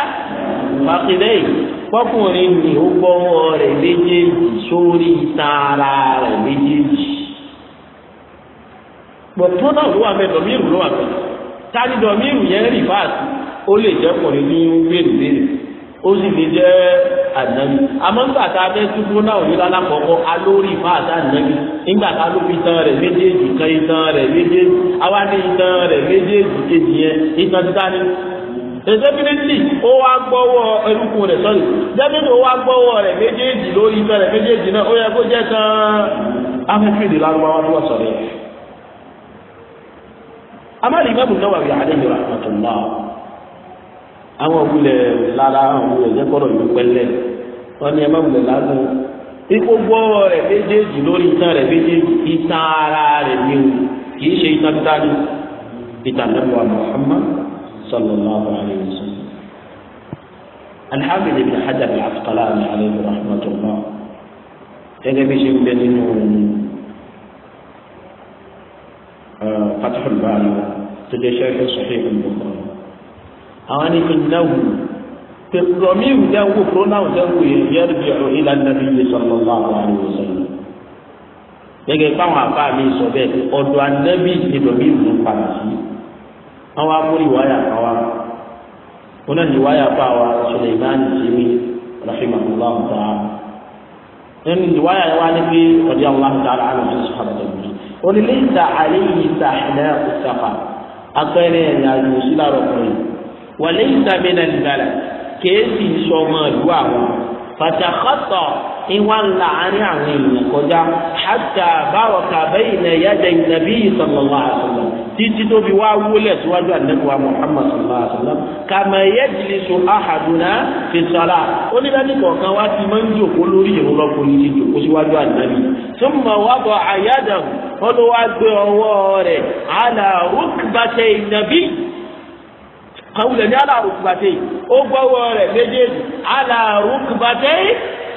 fàkìlẹ́yìn kọkùnrin ni ó gbọ́wọ́ rẹ̀ méjèèjì sórí itan ara rẹ̀ méjèèjì bọ̀ pronoun ló wà bẹ́ẹ̀ dọ̀míìrù ló wà bẹ́ẹ̀ tani dọ̀míìrù yẹn rí fáàsì ó lè jẹ́ ọkùnrin ní wíìlì léèrè ó sì lè jẹ́ ànábì àmọ́ nígbà tá a fẹ́ tú pronoun yìí lálákọ̀ọ́kọ́ alórí fáàsì ànábì nígbà tá a ló fi itan rẹ̀ méjèèjì kan itan rẹ̀ méjèèjì àwa ní itan rẹ̀ méjèèjì kejì yẹn itan títà ẹ̀sẹ́bílítì o wa gbọ́wọ́ ẹrúkú rẹ̀ sọ́rí jẹ́bílítì ó wá wa rẹ̀ méjèèjì lórí ìfẹ́ rẹ̀ méjèèjì náà ó yẹ kó jẹ́ tán afẹ́fẹ́lì lárúbáwá tó wà sọ̀rọ̀ yẹn. amáàlì ìgbà bùnú wà wíyà àdéhùn àtúntò àwọn òwúlẹ̀ lára àwọn yìí pẹ́lẹ́ méjèèjì lórí méjèèjì ara ni o kì í ṣe صلى الله عليه وسلم الحافظ ابن حجر العسقلاني عليه رحمة الله gẹ́gẹ́ bí ṣe ń bẹ nínú fatahul baari tó jẹ́ ṣẹ́fẹ́ sọ́fẹ́ ìgbìmọ̀ àwọn ní ìnáwó tẹ̀sọ̀mí ìdáwó pronoun dáwó yẹ́rìbì ọ̀rọ̀ ilà nàbí yìí sallallahu alaihi wasallam gẹ́gẹ́ báwọn afáàmì sọ bẹ́ẹ̀ ọ̀dọ̀ ànábì ìdọ̀mí ìlú padà sí i àwọn amúrí wáyà kan wá wọn náà ní wáyà pa wa Suleiman jimmy rahimahullah ta'ala ẹni wáyà wá ní pé ọdí Allah ta'ala àwọn ọdún sọ̀rọ̀ lẹ́yìn onílé ìta àléyìn ìta ẹ̀dá ìsàfà akẹ́rẹ́ ẹ̀yà ìmọ̀sí lárọ̀ kan wà lẹ́yìn ìta mẹ́ta nìgbàlẹ̀ kéésì sọmọ ìlú àwọn pàtàkọ́tọ̀ ìwà ńlá àárín àwọn èèyàn kọjá hàtà báwọ̀ kàbẹ́yìn ẹ̀yà jẹ́ ìnàbí sallallahu alaihi wasallam títí tó fi wá wúlẹ̀ síwájú àdínẹ́kùn wa muhammad sallallahu alayhi wa sallam kàmá yajlisu ahaduna fi sọ́la onídàájú kọ̀ọ̀kan wá ti máa ń jòkó lórí ìrún lọ́kùnrin ti jòkó síwájú àdínẹ́bí thumma wada'a yadahu wọn ló wá ọwọ́ rẹ̀ ala rukbatay nabi ní ala rukbatay ó rẹ̀ méjèèjì ala rukbatay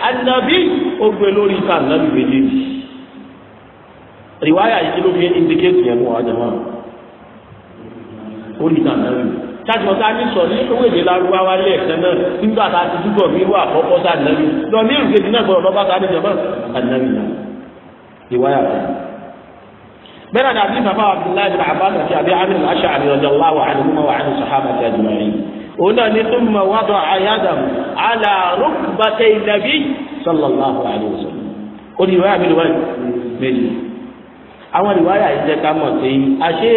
anabi lórí ìka anabi méjèèjì riwaya yìí ló fi indicate yẹn mú wa jẹ wọn orí ìtàn náà lò sájọta ní sọ ní owó èdè Lárúbáwá lẹ́ẹ̀kan náà nígbà tá a ti dúdọ̀ mí wà àkọ́kọ́ sá nàbí lọ ní ìrùkejì náà gbọ́dọ̀ lọ́ba sáré jọba ànàbí náà ìwáyà kan. bẹ́ẹ̀ ni àti bàbá Abdullahi bin Abbas àti abi amir al-Ash'ari radiyallahu anhuma wa anhu sahabati ajma'in. òun náà ní thumma wada'a yadahu ala rukbatay nabi sallallahu alayhi wa sallam. ó ní ìwáyà mi ni wọ́n àwọn ìwáyà yìí jẹ́ ká mọ̀ sí i àṣé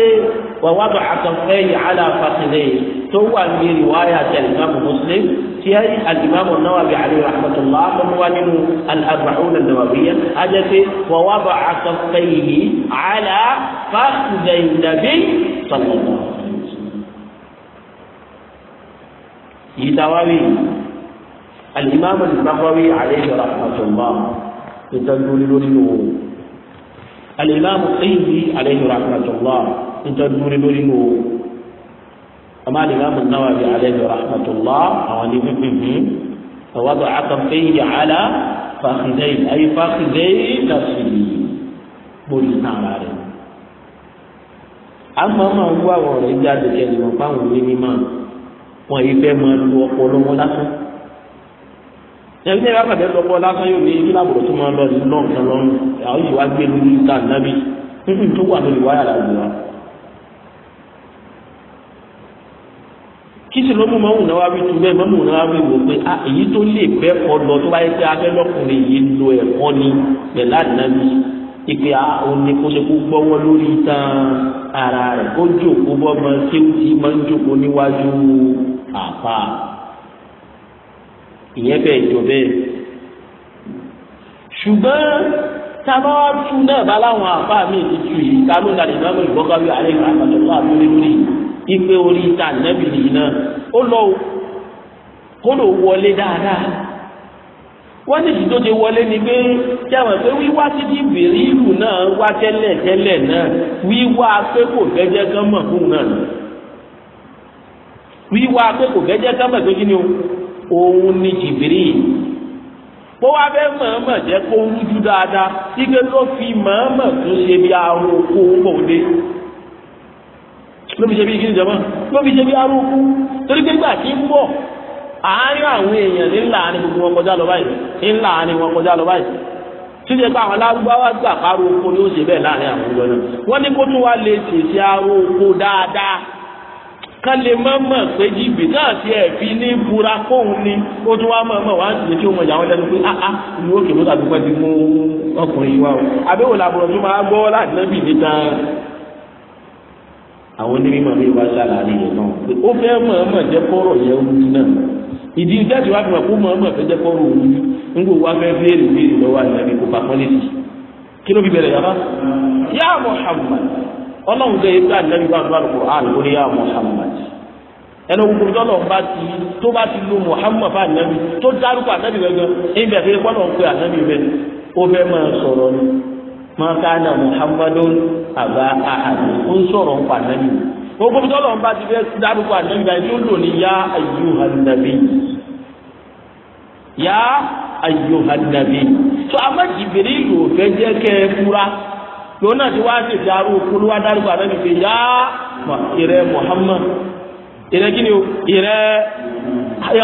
wàwá bá àtọ̀fẹ́ yìí aláfàṣẹlẹ̀ tó wà ní ìwáyà tẹ̀lifáàmù Muslim tí ẹ alìmáàmù Nawawi alayhi rahmatullah mọ́nú wá nínú al-arba'un an-nawawiyya á jẹ́ pé wàwá bá àtọ̀fẹ́ yìí aláfàṣẹlẹ̀ Nabi sallallahu yìí táwáwí alìmáàmù Nawawi alayhi rahmatullah ìtọ́jú lórí lórí alimami Qayyim alayhi rahmatullah nítorí lórí lórí lò ó ọmọ alimami Nawawi alayhi rahmatullah àwọn ní fífi fọwọ́ bá àkànfẹ́ yìí àlá fàkìdẹ́yì ayé fàkìdẹ́yì nàfìlì bóyá náà rẹ̀ àmọ́ máa ń wá àwọn ọ̀rẹ́ jáde kẹ́lẹ́ wọn fáwọn onímọ̀ wọn yìí fẹ́ máa lu ọpọlọ wọn lásán ẹbí ní ìyá kàdé lọ́pọ̀ lásán yóò ní ilé àbúrò tó máa lọ sí náà kan lọ́rùn àwọn yìí wá gbé lórí ìta nábì níbi tó wà lórí wáyà làwọn wa. kí sì ló mú mọ́mù náà wá wí tu bẹ́ẹ̀ mọ́mù náà wá wí wò pé a ah, èyí tó lè bẹ́ kọ lọ tó báyìí pé abẹ́lọ́kùnrin yìí lo ẹ̀kọ́ ni pẹ̀lú ànábì ìpè ah, òní kó ṣe kó gbọ́wọ́ lórí ìtàn ara rẹ̀ kó jòkó bọ́ mọ́ sí ó ti máa ń jòkó níwájú àpá ìyẹn bẹ́ẹ̀ jọ bẹ́ẹ̀ ṣùgbọ́n tábà tú náà bá láwọn àfa mi ti tu yìí kánú ìdàlẹ̀ ìmọ̀ mi ìbọ́ká bí alẹ́ ìgbà àgbàdo wà lórí lórí ipe orí ta nẹ́bì yìí náà ó lọ kó ló wọlé dáadáa wọ́n ní ìdí tó ti wọlé ni pé jẹ́wọ̀n pé wíwá sí ti bèrè ìlú náà wá tẹ́lẹ̀ tẹ́lẹ̀ náà wíwá pé kò gẹ́gẹ́ gán mọ̀ fún náà wíwá pé kò gẹ́gẹ́ gán mọ̀ tó kí ni o òun ni jìbìrì kó wá fẹ́ mọ̀ọ́mọ̀ jẹ́ kó rújú dáadáa ike tó fi mọ̀ọ́mọ̀ tó ṣe bí aró okó pọ̀ dé ló fi ṣe bí kíni jọmọ́ ló fi ṣe bí aró okó torí pé gbà tí ń bọ̀ àárín àwọn èèyàn ní ńlá ni gbogbo wọn kọjá lọ báyìí ńlá ni wọn kọjá lọ báyìí tíjẹ pé àwọn alárúbáwá gbà páró okó ni ó ṣe bẹ́ẹ̀ láàrin àwọn ọjọ́ náà wọ́n ní kó tún wá lè ṣèṣe aró okó dáadáa ká lè má mọ̀ pé jìbì náà ti ẹ̀ fi ní búra kóhun ni ó tún wá mọ̀ mọ̀ wá sí kí ó mọ̀ ìyàwó lẹ́nu pé áá ah, ìlú ah, òkè ló tàbí pẹ́ẹ́dì mú ọkùnrin wa o àbẹ̀wò làbọ̀rọ̀ tó máa gbọ́ láti náà bì níta. àwọn onímọ̀ mi wá ṣàlàyé rẹ̀ náà pé ó fẹ́ mọ̀ mọ̀ jẹ́ kọ́rọ̀ yẹn wú náà ìdí jáde wá fi mọ̀ kó mọ̀ mọ̀ fẹ́ jẹ́ kọ́rọ̀ wú nígbò wá ọlọ́run gbé ẹgbẹ́ ànábì wa lọ́wọ́ alukur'an lórí ya muhammad ẹnu gbogbo tọ́lọ̀ bá ti tó bá ti lu muhammad fún ànábì tó dárúkọ gbẹgbẹ fi kọ́lọ̀ ń pe ànábì rẹ ó fẹ́ máa sọ̀rọ̀ ni máa ká na muhammadun àbá àhàdì ó ń sọ̀rọ̀ ń pa ànábì bá ti fẹ́ dárúkọ ànábì rẹ tó lò ní ya ayyuhan yóò náà ti wá sí ìdarú kúlú wá dárúkọ àbẹ́bí pé yá ìrẹ Muhammad ìrẹ kí ni o ìrẹ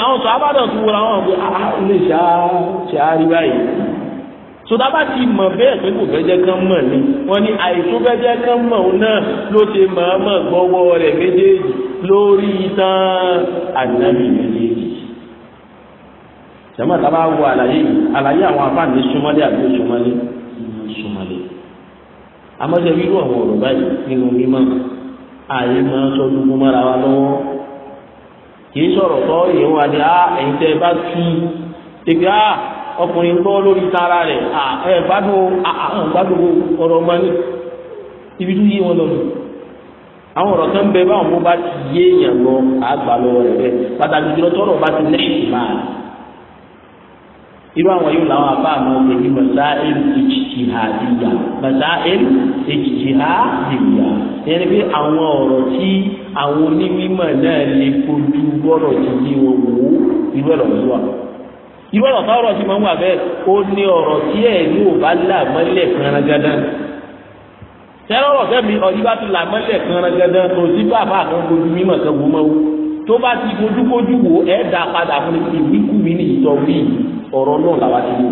àwọn sọ abádọ̀ tó wọra wọn pé ah, ilé ṣáárí báyìí sọdá bá ti mọ̀ bẹ́ẹ̀ pé kò fẹ́ kán mọ̀ ni wọ́n ní àìsàn fẹ́ jẹ́ kán mọ̀ òun náà ló ṣe mọ̀ọ́mọ̀ gbọ́wọ́ rẹ̀ méjèèjì lórí tán ànábì méjèèjì jẹ́mọ̀ tá a bá wọ àlàyé àlàyé àwọn afáàní súnmọ́lé àbí òṣùmọ́lé àmọ́jẹ́ wíwú àwọn ọ̀rọ̀ báyìí nínú mímọ́ ààyè máa ń sọ gbogbo mọ́ra wa lọ́wọ́ kì í sọ̀rọ̀ tọ́ èèyàn wa ni ẹ̀yin tẹ́ ẹ bá tú ẹgbẹ́ a ọkùnrin bọ́ lórí tara rẹ̀ ẹ gbádùn àwọn gbádùn ọ̀rọ̀ ọmọ ní ibi tó yé wọn lọ nù àwọn ọ̀rọ̀ tó ń bẹ báwọn bó bá ti yé èèyàn lọ àgbà lọ́wọ́ rẹ̀ bẹ́ẹ̀ pàtàkì jùlọ tọ́rọ̀ bá ti lẹ́yìn máa irú àwọn yóò làwọn abá àmọ́ òní masáìlì ìjìjìhàdìyà masáìlì ìjìjìhàdìyà yẹn ni pé àwọn ọ̀rọ̀ tí àwọn onímọ̀ náà lè fojú bọ́rọ̀ tí ní owó irú ẹ̀rọ yìí wà. irú ọ̀rọ̀ táwọn ti máa ń wà bẹ́ẹ̀ ó ní ọ̀rọ̀ tí ẹ̀ ní ò bá là mọ́lẹ̀ kanra dandan. tẹ́lẹ̀ ọ̀rọ̀ fẹ́mi ọ̀dí bá ti là mọ́lẹ̀ kanra dandan kò sí bàbá àkàn gbogbo mímọ̀ kan wò mọ́ tó bá ti gbójúgbójú wò ẹ̀ dá padà fún mi ìwíkú mi ní ìtọ́ wíì ọ̀rọ̀ náà làwa ti lò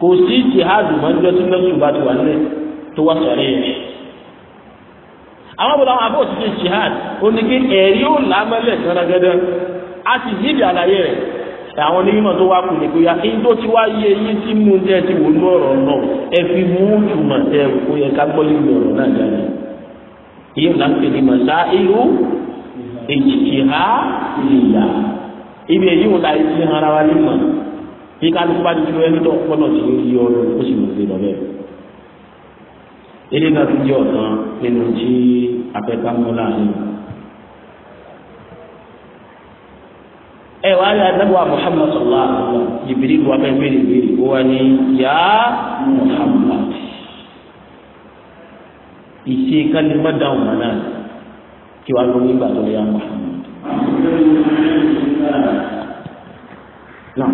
kò sí jihadu máa tí mẹ́sùn bá ti wà nílẹ̀ tó wá sọ̀rọ̀ yẹn àwọn bọ̀dọ̀ àwọn abọ́ òṣìṣẹ́ jihad gẹ́gẹ́dẹ́ a sì níbi àlàyé rẹ̀ àwọn onímọ̀ tó wá kù ní pé ya kí n tó ti wá yé eyín tí mú tẹ́ ti wò ní ọ̀rọ̀ náà ẹ fi mú tẹ́ yẹ ká gbọ́ náà ibi èyí wò láyé ti hàn ara wa ní mọ̀ bí kálukú bá ti fi ẹni tó pọ̀ náà sí yí ọ̀rọ̀ ó sì mọ̀ sí lọ́lẹ̀. ilé náà ti jẹ́ ọ̀kan nínú tí afẹ́ká mú láàrin. ẹ wàá rí adágbà Muhammad sọlá jìbìrì lu abẹ́gbẹ́rẹ́ ìbéèrè ó wà ní yá Muhammad ìṣe kálí mọ́dà ọ̀mọ̀ náà. kiwa mimba tole ya Muhammad. Naam.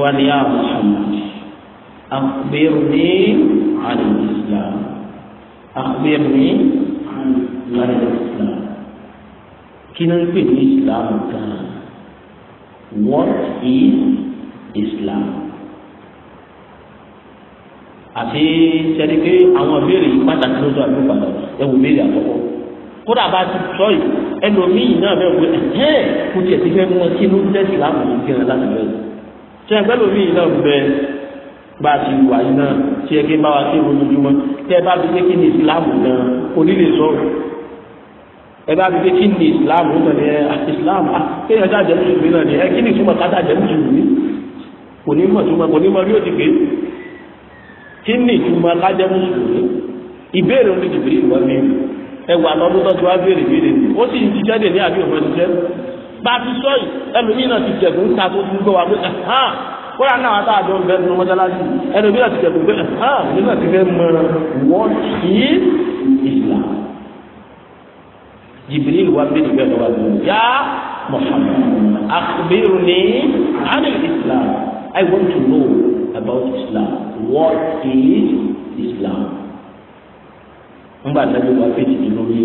wá ní ya Muhammad akhbirni an islam akhbirni an islam kí ló ń pè what is islam àti sẹ́ni pé àwọn ìbéèrè yìí pàtàkì ló sọ àbí padà ẹ̀wù béèrè àkọ́kọ́ kódà bá ti sọ yìí ẹlòmíì náà bẹ́ẹ̀ wọ ẹ̀hẹ́n kò tiẹ̀ ti fẹ́ mú ọtí ló ń tẹ̀sí láàmú yìí gan láti bẹ́ẹ̀ tí ẹgbẹ́ lómi yìí náà bẹ bá a ti wà yìí náà tí ẹgbẹ́ bá wa sí ojoojúmọ́ tí ẹ bá fi pé kí ni ìsìláàmù náà onílé sọ̀rọ̀ ẹ bá fi pé kí ni ìsìláàmù náà ni ẹ ìsìláàmù kéèyàn jáde mùsùlùmí náà ni ẹ kí ni ìsúmọ̀ kájà jẹ́ mùsùlùmí kò ní mọ̀ túmọ̀ kò ní mọ̀ bí ó ti gbé kí ni ìtumọ̀ kájà mùsùlùmí ìbéèrè oníjìbìrì ìwọ́n mi ẹ wà lọ́dún tó ti wá béèrè béèrè ó sì ń ṣiṣẹ́ dè ní àbí òfin ṣiṣẹ́ bá a ti sọ yìí ẹlòmíì náà ti jẹ̀bù ń ta tó gbọ́ wa pé ẹ̀hán kóra náà wà tá jọ ń bẹ nínú mọ́ṣáláṣí ẹlòmíì náà ti jẹ̀bù pé ẹ̀hán èmi náà ti fẹ́ mọ wọ́n kì ìlà Jibril wa bẹ́ẹ̀ bẹ́ẹ̀ lọ́wọ́ àgbẹ̀ yá Muhammad akhbirni ani Islam I want to know about Islam what is Islam ngbà dájú wa fèjì lórí.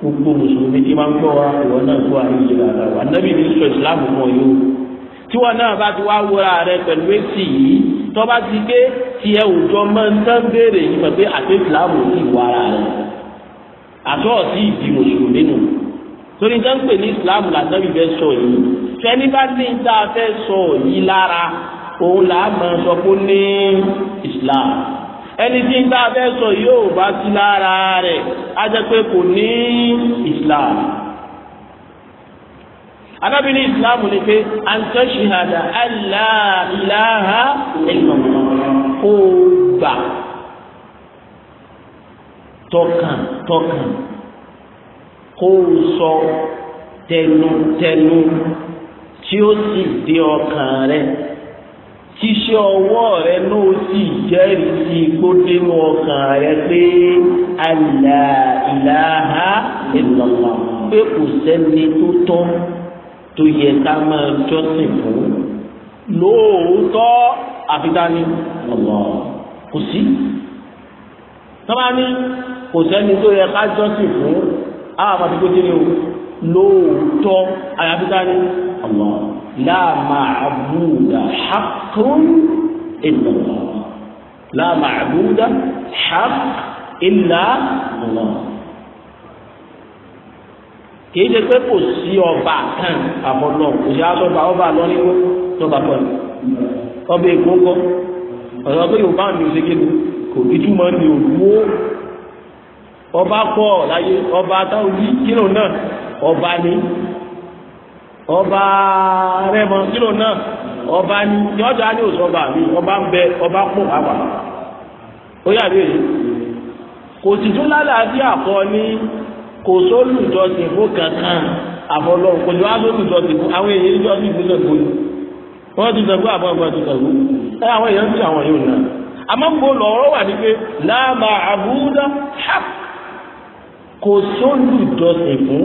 gbogbo mùsùlùmí tí máa ń gbọ́ wa ìwọ náà tó àyè yìí rárá wa ànábì ní sọ ìsìláàmù fún ọ yóò tiwa náà bá ti wá wúra rẹ pẹ̀lú èsì yìí tọ́ba ti gé tiẹ̀ òjò máa ń tán béèrè yìí pẹ̀lú àti ìsìláàmù sí ìwà ara rẹ àtọ́ sí ìdí mùsùlùmí nù torí nǹkan pè ní ìsìláàmù làtàbí fẹ́ sọ yìí fẹ́ni bá ní tá a fẹ́ sọ yìí lára òun làá máa sọ pé ó ní ìsìláàmù ẹni tí ń tá a fẹ́ sọ yóò bá sí lára rẹ̀ á jẹ́ pé kò ní islam anábì ní islam ni pé àǹtọ́ ṣìhàdà aláìláha ẹ̀yọ̀ gbà tọkàn tọkàn kó sọ tẹnutẹnu tí ó sì dé ọkàn rẹ̀ kíṣe ọwọ́ rẹ ló sì jẹ́rìí kó dénú ọkàn rẹ pé Allah ilaha illallah pé kò sẹ́ni tó tọ́ tó yẹ ká máa jọ́sìn fún lóòótọ́ àfitání kò sí. sábà ní kò sẹ́ni tó yẹ ká jọ́sìn fún àwọn àbàtí kò ní o lóòótọ́ àyàfitání لا معبود حق إلا الله لا معبود حق إلا الله kìí ṣe pé kò sí ọba kan àbọ̀lọ̀ kò sí àtọ́ba ọba lọ́nìkó tọ́ba kan ọba èkó kọ́ ọ̀rọ̀ pé yorùbá mi ò ṣe kéde kò ìtumọ̀ ni òwò ọba pọ̀ láyé ọba táwọn yìí kírun náà ọba ni ọba rẹmọ kílò náà ọba ni yọjọ ni òsì ọba mi ọba ń bẹ ọba pọ àbà ó yà bí èyí kò sì tún lálàáfíà kọ ní kò sólùjọsìn fún kankan àbọ̀lọ́ kò ní wàá sólùjọsìn fún àwọn èyí jọ́sìn fún náà gbòòrò wọ́n ti sọ̀gbọ́ àbọ̀ àbọ̀ ti sọ̀gbọ́ ẹ àwọn èèyàn ti àwọn yóò náà àmọ́ mo lọ wà ní pé láàbà àbúrò hap kò sólùjọsìn fún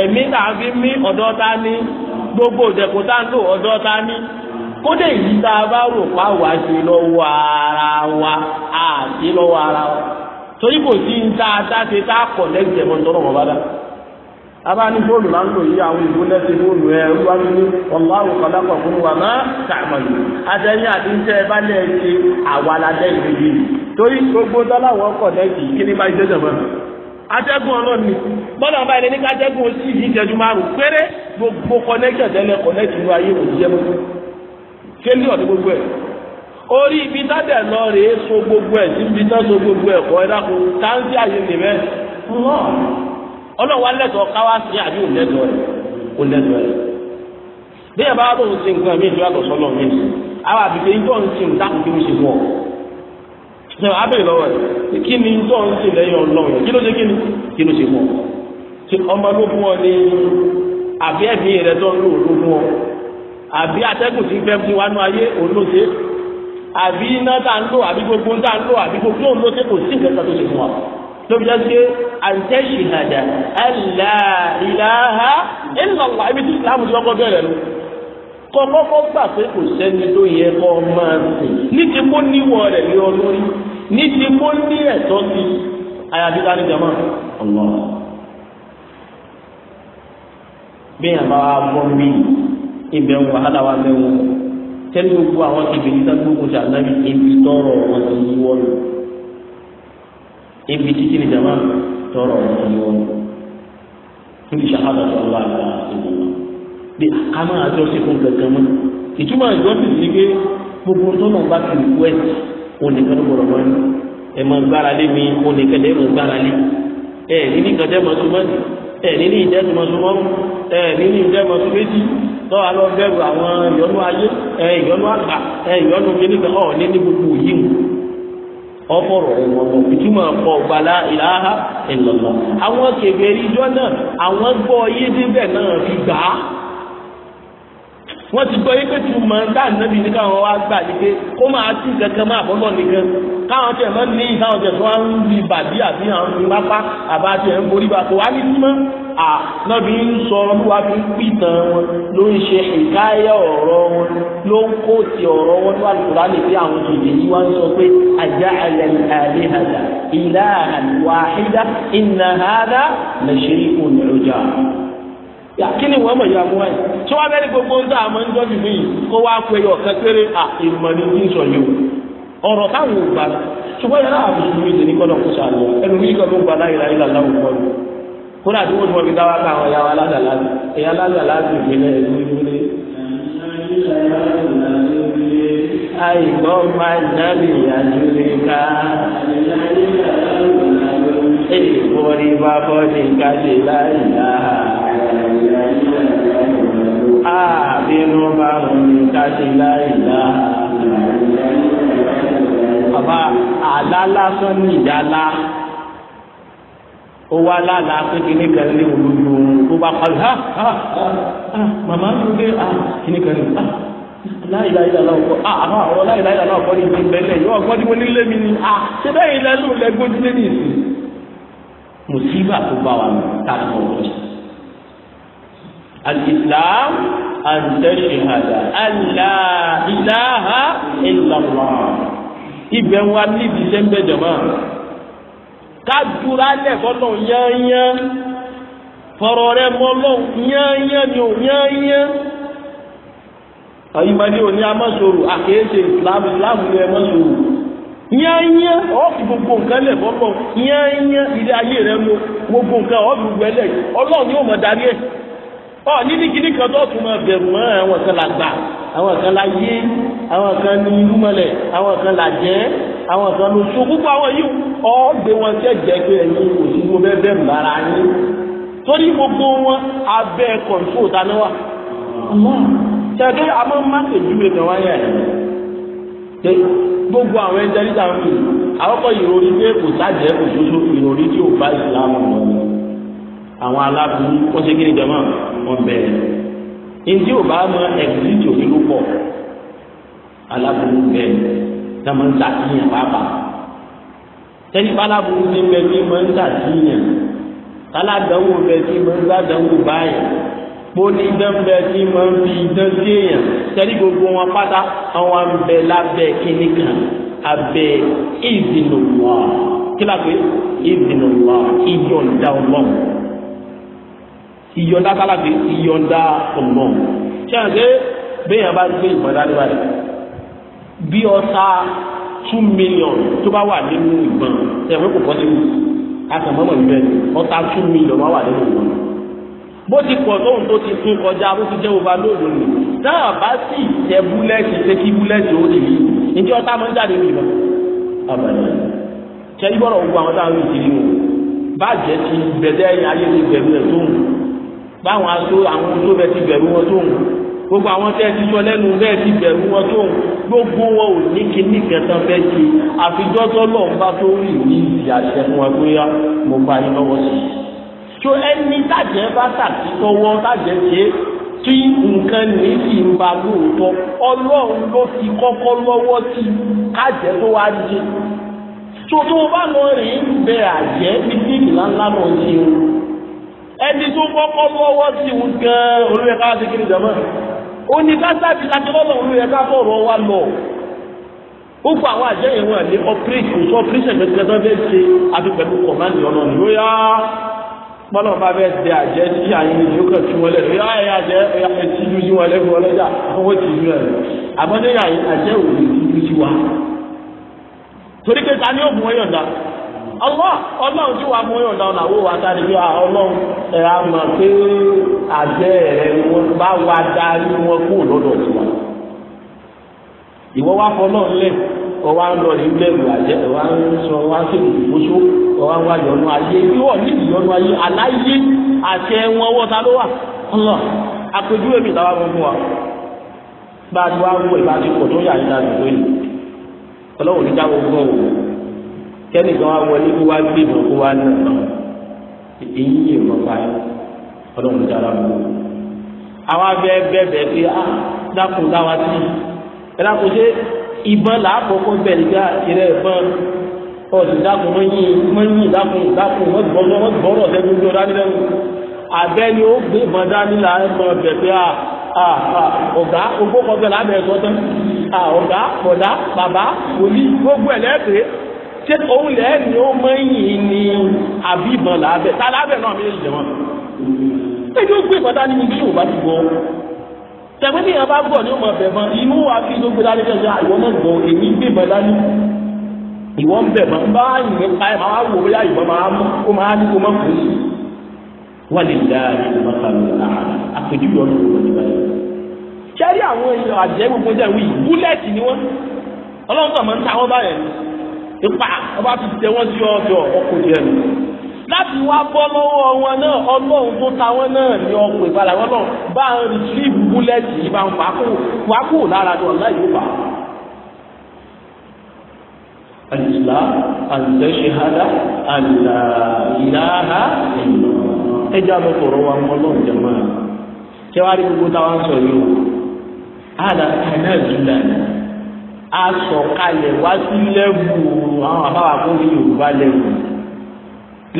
ẹ̀mí tá a fi mí ọ̀dọ́ ta ní gbogbo ìdẹ̀kùn tá a ń lò ọ̀dọ́ ta ní kódé yìí tá a bá rò pa wá wa kò sí ń tá a tá ṣe tá a kọ̀ bá dá. abá ní fóònù máa ń lò yí àwọn ìlú lẹ́sẹ̀ fóònù ẹ̀ wá ní ọ̀làwù fún wa yìí. àti ń tẹ́ ẹ bá ṣe àwa la atẹ́gùn ọlọ́run ni bọ́lá ọba ẹni ní ká atẹ́gùn sí yìí ìjẹ́jú márùn péré gbogbo connection tẹ́lẹ̀ connection ló ayé òun jẹ́ mọ́tò kéde ọ̀dọ́ gbogbo orí ibi lọ rèé so gbogbo ẹ̀ ibi gbogbo kọ ẹ táǹtì wa káwá sí àbí bí ẹ bá tó ń sin nǹkan mi ìjọba tó sọ mi àwọn ọ ṣe abẹ́rẹ́ lọ́wọ́ ẹ̀ kí ni tó ń ṣe lẹ́yìn ọlọ́run kí ló ṣe kí ni kí ló ṣe mọ́ ṣe ọmọ ló fún ọ ní àbí ẹ̀mí rẹ tó ń lò ló fún ọ àbí atẹ́gùn tí ń fẹ́ fún wa ayé òun ló ṣe àbí iná tá ń lò àbí gbogbo tá ń lò àbí gbogbo òun ló ṣe kò sí nǹkan tó ṣe fún wa tóbi jẹ́ àǹtẹ́ ṣìhàdà ẹ̀là ìlàhà ìlàlá ibi tí ìsìlámù ti kọ́kọ́ bẹ̀rẹ̀ lọ kọ́kọ́ gbà pé kò sẹ́ni tó yẹ kọ́ máa sìn ní ti kó níwọ̀ rẹ̀ ní ọlọ́rí ní ti kó ní ẹ̀tọ́ sí àyàfi ká ní jama Allah bí yàn bá bọ́ mí ibẹ̀ ń wà hádàwà mẹ́wọ́ tẹ́lẹ̀ gbogbo àwọn ìbìlí tá gbogbo ṣàlàyé ibi tọrọ wọn ti yí wọ́lù ibi títí ní jama tọrọ wọn ti yí wọ́lù níbi ṣàhádà tó ń bá àgbà ìgbìmọ̀ bí àkámà àjọṣe fún kankan mọ́ ìtumọ̀ ìjọ́sìn sí pé gbogbo tó náà bá ti rìkú ẹ̀sìn. onìkan gbọ́dọ̀ mọ ni ẹ máa gbára lé mi onìkan lè máa gbára lé ẹ níní kàtẹ máa súnmọ́ ni ẹ níní ìjẹ tó máa súnmọ́ ẹ níní ìjẹ máa sún méjì tọ́ alọ́ bẹ̀rù àwọn ìyọnu ayé ẹ ìyọnu àgbà ẹ ìyọnu kíníkan ọ̀ níní gbogbo yìí ọfọrọ ọmọọmọ ìtumọ̀ ọ̀pọ̀ gbala ìlàhà ìlọlọ àwọn kèfèrí ìjọ náà àwọn náà fi gbà wọ́n ti gbọ́ yín pé tí mọ̀ ń dáhùn náà bí ní káwọn wá gbà ní pé kó máa tí kankan máa bọ́lọ̀ nìkan káwọn tẹ̀ mọ́ ní káwọn tẹ̀ tó wá ń rí bàbí àbí àwọn ní pápá àbá tẹ̀ ń borí bá kó wá ní símọ́ à ń sọ olúwa fi ń pìtàn wọn ló ń ṣe ìkáyà ọ̀rọ̀ wọn ló ń kó ti ọ̀rọ̀ wọn ní àlùkùrá lè fi àwọn èdè yìí wá ń sọ pé àjà àlẹ́ àlẹ́ àlà ìlà àlùwà yà kí ni wọ́n mọ̀ yà mú tí wọ́n bẹ́ẹ̀ ni gbogbo ń tà ń dọ́sì fún kó wá pé ọ̀sẹ̀ péré à ìmọ̀ ni sọ yìí o ọ̀rọ̀ táwọn ò gbà ṣùgbọ́n yàrá àbùsùnmí ti ní kọ́dọ̀ kó sàlù ẹnu mi kàn ló gbà láyé láyé làlá òkú ọ̀rọ̀ kódà tí wọ́n ti wọ́n dáwà ká àwọn yàrá aládàláàbì ẹ̀yà aládàláàbì ìpínlẹ̀ ẹ̀dùn ìwúlé. àìgbọ́ máa jáde ìyàjúlé ká èèwọ̀ ni bá bọ́ ní káṣe láyé náà àbínú bá ń káṣí láìlá. Bàbá àlá lásán ní ìyálá. Ó wá lálàá pé kíní kan ní olójú oorun tó bá parí. Màmá ń gbé kíní kan ní láìláìlá náà kọ́ àwọn àwọn láìláìlá náà kọ́ ní ìlú ìbẹ́lẹ̀ yóò kọ́ ní mo nílé mi ni. Ah, lẹ́gbọ́n sílé ní ìsìn? Mùsíbà tó bá wa ní táàbù ọ̀rọ̀ sí. الإسلام أن تشهد أن لا إله إلا الله ibẹ̀ wa níbi iṣẹ́ ń bẹ̀ jọ̀mọ́ ká dúra lẹ̀ fọ́tọ̀ yányán fọ̀rọ̀ rẹ mọ́ lọ́wọ́ ni ò yányán ìmọ̀lẹ́ òní amọ́sòrò àkéésè islam islam ní ẹmọ́sòrò yányá ọ́ọ̀fì gbogbo nǹkan lẹ̀ fọ́tọ̀ yányán ilé ayé rẹ mú gbogbo nǹkan ọ́ọ̀fì gbogbo ẹlẹ́ ọlọ́run yóò mọ̀ darí ẹ̀ ọ níbi kíní kan tó tún máa bẹ̀rù mọ́ àwọn kan làgbà àwọn kan láyé àwọn kan ní irúmọlẹ̀ àwọn kan làjẹ́ àwọn kan ló so púpọ̀ àwọn yìí ọ gbé wọn tẹ́ jẹ́ pé ẹ̀yin kò sí mo bẹ́ẹ̀ bẹ̀rù lára yín torí gbogbo wọn abẹ́ kọ̀ǹtò tánáwà tẹ̀gbẹ́ àmọ́ má tẹ̀jú rẹ̀ kàn wáyà ẹ̀ gbogbo àwọn ẹja níta ń fi àwọn kan ìròrí pé kò sájẹ́ kò ṣoṣo ìròrí tí o bá ìsìlámù lọ́wọ́ àwọn aláburú wọ́n ṣe kíni jọmọ́ wọ́n bẹ̀rẹ̀ ntí ò bá mọ ẹ̀gbìtì òfìlú pọ̀ aláburú bẹ́ẹ̀ náà máa ń ṣàtìyàn pàápàá tẹ́lí páláburú ti bẹ tí máa ń ṣàtìyàn aládàáwò bẹ tí máa ń gbàdánwò báyìí poli dẹ́nbẹ́ tí máa ń fi idán sí èèyàn tẹ́lí gbogbo wọn pátá àwọn abẹ lábẹ́ kínní kan abẹ ìdìnnà wà kí lápẹ́ ìdìnnà wà ìyọ̀ǹda ọlọ́run ìyọ̀ǹda sálàbí ìyọ̀ǹda ọ̀nà ṣáàṣẹ́ bẹ́yàn bá gbé ìbọn dání báyìí bí ọta two million tó bá wà nínú ìbọn ẹ̀wọ́n kò pọ́sí wù àtàmọ́mọ́ ìbẹ́ ọta two million wà nínú ìbọn bó ti pọ̀ tóun tó ti tún kọjá bó ti jẹ́ òba lóòrùn ni táà bá sì tẹ búlẹ́ẹ̀tì pé kí búlẹ́ẹ̀tì ó lè yí ǹjẹ́ ọta máa ń jáde nínú ìbọn àbàlẹ̀ ṣe ibọ̀rọ̀ gbogbo àwọn táwọn ìdílé wọn bá jẹ́ ti bẹ̀dẹ́ ayé ti bẹ̀rù báwọn aṣọ àwọn tó bẹ ti bẹ̀rù wọn tó ń gbogbo àwọn tẹ́ ti sọ lẹ́nu bẹ́ẹ̀ ti bẹ̀rù wọn tó ń gbogbo wọn ò ní kíní kẹtàn fẹ́ ṣe àfijọ́tọ́ lọ́n bá tó rí ní ìdí àṣẹ fún wa pé mo bá yín lọ́wọ́ sí i. tó ẹni tàjẹ́ bá tàbí tọwọ́ tàjẹ́ ṣe tí nǹkan ní sì ń ba lóòótọ́ ọlọ́run ló fi kọ́kọ́ lọ́wọ́ sí i kájẹ́ tó wá jẹ. tó tó bá lọ rìn bẹ àjẹ́ bíi ńláńlá náà ṣe o ẹni tó kọ́kọ́ lọ́wọ́ sí ìwú gan olóyè ká ṣe kiri jàmọ́ ó ní ká sábì láti lọ́lọ́ olóyè ká fọ̀rọ̀ wa lọ gbogbo àwọn àjẹ́ yẹn wọn ní ọpírẹ́tì kò sọ ọpírẹ́tì ẹ̀gbẹ́ tó fẹ́ ṣe àti pẹ̀lú kọ̀mándì ọ̀nà ni ó yá pọ́nà bá fẹ́ tẹ àjẹ́ sí àyìn ìlú kan tí wọ́n lẹ́nu yá ẹ̀yà àjẹ́ ẹ̀yà ti ju sí wọn lẹ́nu ọlọ́jà owó ti ju ẹ̀ àmọ́ ní àjẹ́ òwò ti ju sí wa torí pé ta ni ó mú ọyọ̀ǹda ọlọ́ ọlọ́run tí wàá fún yóò dá ọ̀nà àwọn wàá sáré bí ah, ọlọ́run ẹ̀rọ àmọ̀ pé àjẹ́ rẹ̀ wa darí wọn kú lọ́dọ̀ tí wọn. ìwọ wá fọ náà lẹ̀ ọwọ́ à ń lọ ní bẹ́ẹ̀rù àjẹ́ ọwọ́ à ń sọ ọwọ́ à ń sèkù ń wá yọnu ayé bí wọ́n ní ìyọnu ayé aláyé àṣẹ wọn wọ́ ta ló wà ọlọ́ àpèjúwe mi táwa fún wa bá a ti wá wọ ìbá ti pọ̀ tó yà ní ìdájọ́ lónìí ọlọ́run ní dáwọ́ gbọ́ kẹ́nìkan wá wọlé kó wá gbé ìmọ̀ kó wá nà náà èyí yìí mọ̀ báyìí ọlọ́run dára mọ́ àwọn abẹ́ bẹ́ẹ̀ pé á ah, dákun dáwà sí i dákun ṣe ìbọn làákọ̀ọ́kọ́ bẹ̀rẹ̀ gbá ìrẹ́ ah, ìbọn ọ̀sìn dákun mọ́ yín mọ́ yín dákun dákun wọ́n gbọ́dọ̀ wọ́n gbọ́dọ̀ sẹ́gun tó dání lẹ́nu abẹ́ ni ó gbé ìbọn dání là ń mọ̀ bẹ̀ pé á ah, ọ̀gá ogbó kọ́ bẹ̀ lábẹ́ ẹ̀sọ́ tán ọ̀gá bọ̀dá bàbá wòlíì gbogbo ẹ̀ lẹ́ẹ̀kẹ́ ṣé òun lẹ́ ni ó mọ yìí ni àbí ìbọn làábẹ̀ tá làábẹ̀ náà méjèèjì jẹ̀ wọ́n. ẹni ó gbé ìfọ̀tá nínú bí yorùbá ti gbọ́ tẹ̀wé ní ìyàbá gbọ́ ni ó mọ̀ bẹ̀ mọ́ inú wa fi ló gbé dání lẹ́sẹ̀ àìwọ́ ah, náà gbọ́ èyí gbé ìbọn dání ìwọ́n bẹ̀ mọ́ bá yìnyín pa ẹ̀ máa wò bóyá ìbọn máa mú kó máa ní kó má kú sí. wọ́n lè dá ìmọ̀kàlù àhàlà àpèjúwe ọ̀dọ́ ìwọ̀n ìbáyìí. sẹ́rí àwọn àjẹ́ gbogbo jẹ́ wí búlẹ̀tì ni wọ́n ọlọ́run tó máa ń ta wọ́n báyẹn ipa ọba ti tẹ wọ́n sí ọ̀dọ̀ ọkùnrin ẹ̀mí láti wá bọ́ lọ́wọ́ wọn náà ọlọ́run tó ta wọn náà ní ọkùnrin ìbára wọn náà bá ń rìtírìbù búlẹ́ẹ̀tì yìí bá ń fà á kù lára ní ọ̀la yìí wà. الإسلام أن تشهد أن لا إله إلا الله ẹja lọ tọrọ wa mọ lọ jama ṣé wàá rí gbogbo táwọn sọ yìí o àlà kanáà asọ̀kalẹ̀ wá sí lẹ́bù àwọn àbáwá kó ní yorùbá lẹ́bù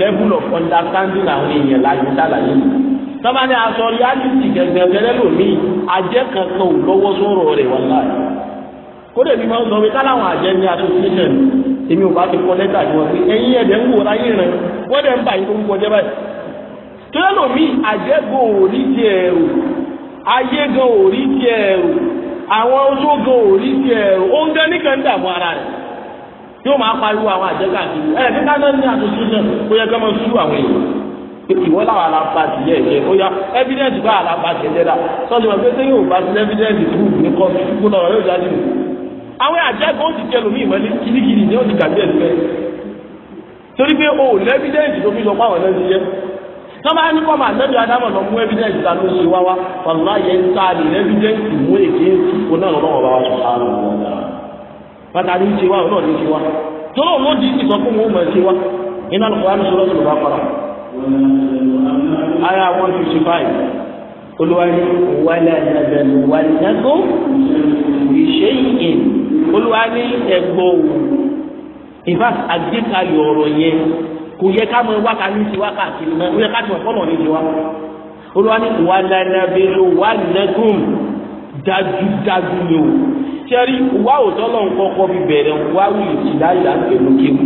lẹ́bù lọ́kọ́ understanding àwọn èèyàn láti sàlàyé mi tọ́ba ní aṣọ reality gẹ̀gẹ̀ gẹ́gẹ́ lómi àjẹ́ kankan ò lọ́wọ́ sọ̀rọ̀ rẹ̀ wọ́n láì kódé mi máa ń sọ pé káláwọn àjẹ́ ní association èmi ò bá ti lẹ́tà n'i wọ́n fi ẹ̀dẹ̀ ń wò láyé rẹ̀ ń lórúkọ jẹ́ báyìí àwọn ológun ò rí ti ẹ̀rù oúnjẹ nìkan ń dààmú ara rẹ̀ yóò máa pariwo àwọn àjẹgà kiri ẹ̀ nígbà náà ní àtúntò náà ó yẹ kí wọ́n sú àwọn èèyàn ìwọ làwọn alábàtì yẹ ẹ̀jẹ̀ ó yá evidence bá alábàtì ẹ̀jẹ̀ dá sọ́ọ́dún wọn pété yóò bá ti evidence proof ní kọ́ọ̀tù kó lọ́rọ̀ yóò jáde nù. àwọn àjẹgà ó ti jẹ lómi ìmọ̀lẹ́ kirikiri ni ó ti gàdí ẹ̀ torí pé o ò lẹ́bídẹ́ǹsì tó fi lọ fáwọn ẹlẹ́sìn yẹn tọ́ba ní kọ́ máa nẹ́bí adámọ̀ lọ mú evidence ta ló ṣe wá wàlúwà yẹn ń sáà ní evidence mú èké kó náà lọ́wọ́ bá wá sọ sáà lọ. bàtà ní ṣe wá ọ̀nà ṣe wá tó ló di ìsọ fún wọn mọ̀ ṣe wá iná lọ́kọ̀ wọn sọ̀rọ̀ sọ̀rọ̀ bá para. aya one fifty five olùwárí wàlẹ̀ nàbẹ̀lú wàlẹ̀ nàgó ìṣe ìyìn olùwárí ẹ̀gbọ́n ìfà àgbékalẹ̀ ọ̀rọ̀ yẹn kò yẹ ká mọ wákà ní ti wákà kiri mọ kò yẹ ká ní ti wá. ní wà wà dájúdájú o sẹ́rí wá òótọ́ lọ́n kọ́kọ́ fi bẹ̀rẹ̀ wá wù ìdáyà pẹ̀lú kéwù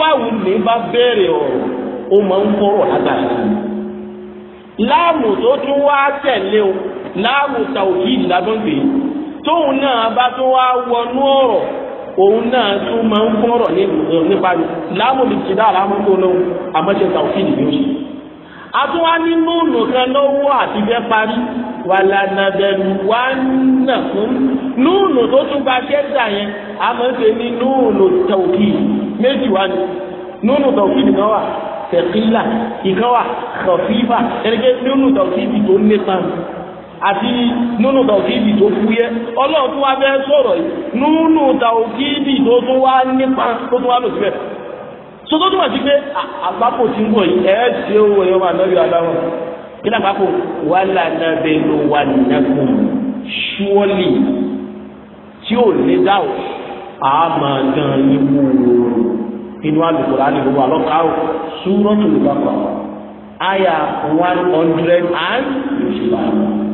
kí ní bá bẹ̀rẹ̀ ọ̀rọ̀ ó máa ń kọ́rọ̀ láàmù tó tún wá tẹ̀lé o láàmù gbé òun náà tún máa ń fọ́rọ̀ eh, nípa rẹ̀ láàmú mi ti dá àlámú tó lọ́wọ́ àmọ́ṣe tàwùfíìdì ni ó ṣe. a tún wá ní nóònù kan lọ́wọ́ àti bẹ́ẹ̀ parí wàlànàbẹ̀rù wá nà fún nóònù tó tún bá ṣẹ́ dà yẹn àmọ́ṣe ní nóònù tàwùfíìdì méjì wá ní nóònù tàwùfíìdì kan wà tẹ̀kílà ìkan wà kọ̀fífà ẹnikẹ́ nóònù tàwùfíìdì tó nípa àti nínú tàwùkìdì tó fúyẹ́ ọlọ́run tó wá fẹ́ sọ̀rọ̀ yìí nínú tàwùkìdì tó tún wá nípa tó tún wá lò síbẹ̀ sọtọ́ tó wà sí pé àpapọ̀ ti ń bọ̀ yìí ẹ̀ ṣe owó ẹ̀yọ́ wà lọ́yọ̀ aláwọ̀ kí náà àpapọ̀ wà lànà bẹ́ẹ̀ ló wà nẹ́kù ṣúọ́lì tí ò ní dáwọ̀ àmà gan yín wò inú àlùkò láti gbogbo àlọ́kà ó súrọ́tò lùbàkọ̀ àyà one hundred and fifty five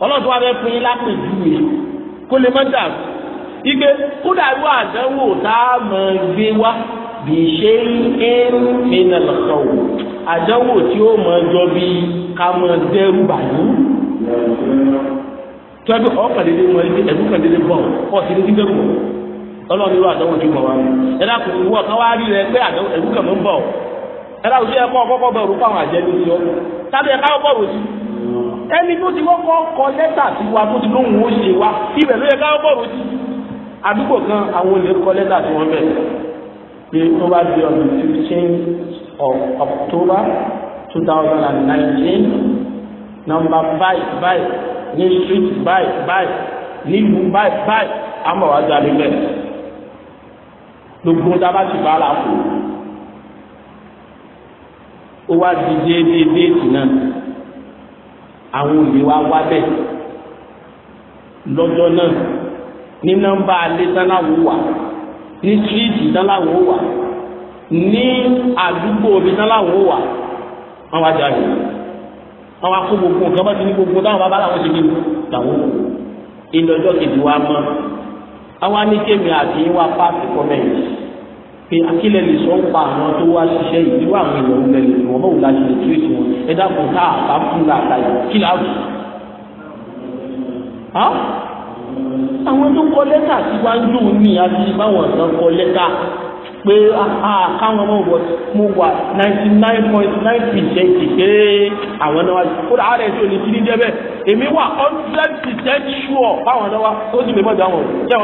ọlọ́run tó wá fẹ́ fún yín lápèjúwe kó lè má dà igbe kódà irú àdánwò tá a mọ̀ gbé wá bí ṣe ń mìíràn lọ́sọ̀ wò àdánwò tí ó mọ̀ jọ bí ká mọ̀ dẹ́rù bàyú tí wọ́n bí ọ̀kàndínlé mọ̀ ẹbí ẹ̀dúkàndínlé bọ̀ ọ̀sìn ní dẹ́rù ọlọ́run irú àdánwò tí ó mọ̀ wá ní ẹ̀dá kò sí wọ́ọ̀ rí rẹ pé ẹ̀dúkàndínlé bọ̀ ẹ̀dá òṣèlú ẹ̀kọ́ ọ̀kọ́kọ́ bẹ̀rù fáwọn àjẹ́ ẹni tó ti kọ́kọ́ kọ lẹ́tà sí wa tó ti lóhùn ó ṣe wa ibẹ̀ ló yẹ ká bọ̀rọ̀ sí àdúgbò kan àwọn olè kọ lẹ́tà sí wọn bẹ̀ pé tó bá di ọdún fifteen of October two thousand and nineteen number five five ní street five five nílùú five five àmọ̀ wá jáde bẹ́ẹ̀ gbogbo dábàá ti bá la kù ó wá di déédéé déètì náà àwọn olè wa wá bẹ̀ lọ́jọ́ náà ní nọ́mbà alẹ́ sáláwó wà ní síríìtì sáláwó wà ní àdúgbò òbí sáláwó wà wọ́n wá jáde wọ́n wá kó gbogbo nǹkan bá ti ní gbogbo táwọn bàbá làwọn ṣe kéwì làwọn wò kejì wa mọ́ àwọn anìkémi àti wa pàṣẹ kọ́mẹ́ǹtì pé akílẹ̀ lè sọ ń pa àwọn tó wá ṣiṣẹ́ ìlú àwọn èèyàn ń lẹ̀lẹ̀ wọn bá wù láti lè tú ètò wọn ẹ dákun tá a bá fún la àtàyè kí la wù. àwọn tó kọ lẹ́tà tí wá ń dùn ní àti báwọn kan kọ lẹ́tà pé káwọn ọmọ wọ mo wà ninety nine point nine percent pé àwọn náà wá kódà ara ẹ̀ tó lè ti ní jẹ́ èmi wà hundred percent sure báwọn náà wá ó sì lè mọ̀jà wọn jẹ́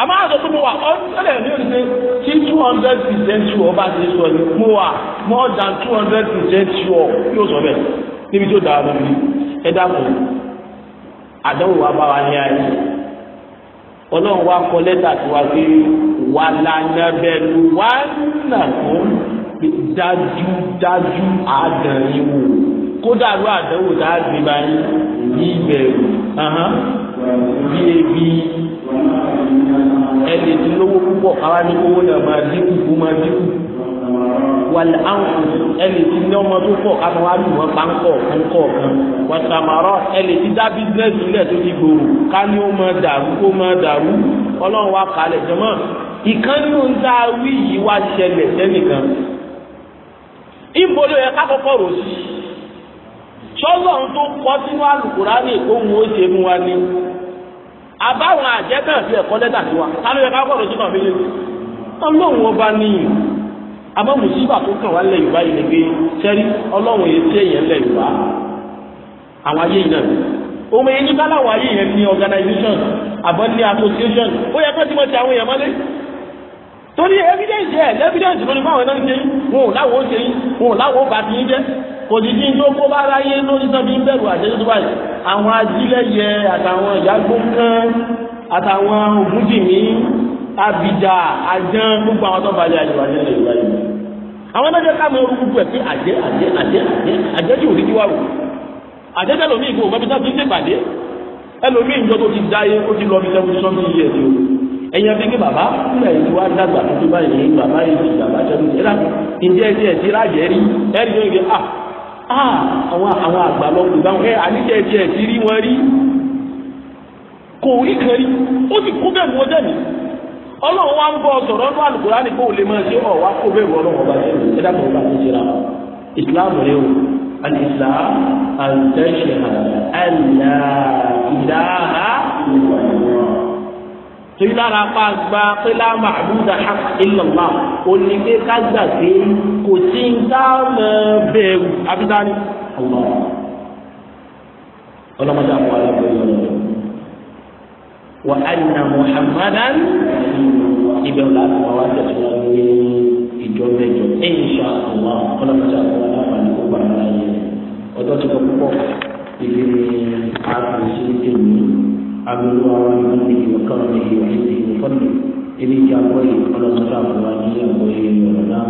a máa sọ pé mo wà ọ̀sẹ̀lẹ̀ ní òṣìṣẹ́ tí two hundred percent sure ọba ti sọ ni mo wà more than two hundred percent sure yóò sọ bẹ́ẹ̀ níbi tí ó dára lórí ẹ dákun àdánwò wa bá wa ní ayé ọlọ́run wa kọ lẹ́tà tí wàá fi wà lànà bẹ̀rù wà nà fún dájúdájú àdánwò kódà ló àdánwò tá a ti bá yín bí ìbẹ̀rù bí ebi ẹni tí lówó púpọ̀ káwá ní owó náà máa dínkù kó máa dínkù wàlẹ̀ àǹkù ẹni tí ní ọmọ tó pọ̀ káfọ́ wá lù wọ́n pa ńkọ̀ ńkọ̀ kan wàtàmárọ̀ ẹni tí dá bísíǹnẹ́sì nílẹ̀ tó ti gbòòrò ká ní ó máa dàrú ó máa dàrú ọlọ́run wa kàlẹ̀ jọmọ́ ìkànnì ń dá wí yìí wá ṣẹlẹ̀ sẹ́nìkan ìbolo yẹ ká kọ́kọ́ rò sí sọlọ́run tó kọ́ sínú àlùkùránì òun ó ṣe mú wa ni àbáwọn àjẹkàn fi ẹ̀kọ́ lẹ́tà sí wa sáré ẹ̀ka kọ̀ọ̀rọ̀ sí náà méjèèjì ọlọ́run ọba níyì àmọ́ mùsíbà tó kàn wá lẹ̀ yorùbá yìí ni sẹ́rí ọlọ́run yìí sí èèyàn lẹ̀ yorùbá àwọn ayé yìí náà òun èyí ní káláwọ̀ ayé yẹn ní organization àbọ̀ ní association ó yẹ kó tí mo àwọn èèyàn mọ́lé torí evidence yẹ evidence lórí fáwọn náà ń ṣe wọn ò láwọn ó ṣe wọn ò láwọn ó bá ti ń jẹ́ kò sí kí n tó kó bá ráyé lórí tán fi ń bẹ̀rù àṣẹjú tó báyìí àwọn ajílẹ̀yẹ àtàwọn ìyàgbó kan àtàwọn ògúnjìmí abidà àjẹn gbogbo àwọn tó balẹ̀ àjẹbàjẹ́ lè wáyé àwọn ẹgbẹ́ ká mọ orúkú ẹ̀ pé àjẹ́ àjẹ́ àjẹ́ àjẹ́ àjẹ́ tí ò ní kíwá wò àjẹ́ tẹ́lẹ̀ omi ìgbò òbẹ́bí tán fi ń ṣèpàdé ẹlòmíì ìjọ tó ti dáyé ó ti lọ bí seventy something years ni o ẹ̀yin abẹ́gẹ́ bàbá dàgbà tó báyìí bàbá yìí ti dàgbà tó ń jẹ́ rà ǹjẹ́ ẹ̀sìn ẹ̀sìn rájẹ́ rí ah Ah, àwọn àwọn àgbàlọ́pọ̀ báwọn ẹ àníjẹ́ ẹ̀jẹ̀ ti rí wọn rí kò rí kan rí ó sì kó bẹ́ẹ̀ wọ́n dẹ̀mí ọlọ́run wa ń bọ́ sọ̀rọ̀ ọdún àlùkòrá ní kó lè máa ṣe ọ̀ wá kó bẹ́ẹ̀ wọ́n lọ́wọ́ ṣe ẹ dákun bá ṣe ṣe islam rẹ o al-islam àǹtẹ̀ṣẹ̀ àlá ìdáhà ìwà ìwà torí lára pa gba pé la ma'buda haqq illa Allah òní pé ká gbà pé kò sí ń dá mọ bẹ̀rù abidani Allah ọlọ́mọdé àwọn alábòóyè ọ̀rọ̀ wa anna Muhammadan ìbẹ̀rù láti wà wá tẹ̀síwájú ní ìjọ mẹ́jọ insha Allah ọlọ́mọdé àwọn alábòóyè ọ̀rọ̀ ayé ọjọ́ tó kọ́ púpọ̀ ìbí ni a kò sí èmi abẹ́lú àwọn ìlú ìlú ọ̀kan ní ìwà ìlú ìlú fọ́nì ilé ìjà àgbọ̀ yìí ọlọ́mọdé àbúrò ní àgbọ̀ yìí ọ̀rọ̀ náà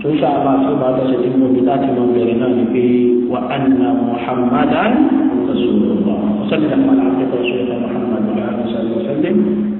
tó ń sábà tó bá tọ́sẹ̀ tí mo bí láti mọ bẹ̀rẹ̀ náà ni pé wà á nà muhammadan rasulullah ọ̀sẹ̀ nígbà máa ń muhammadan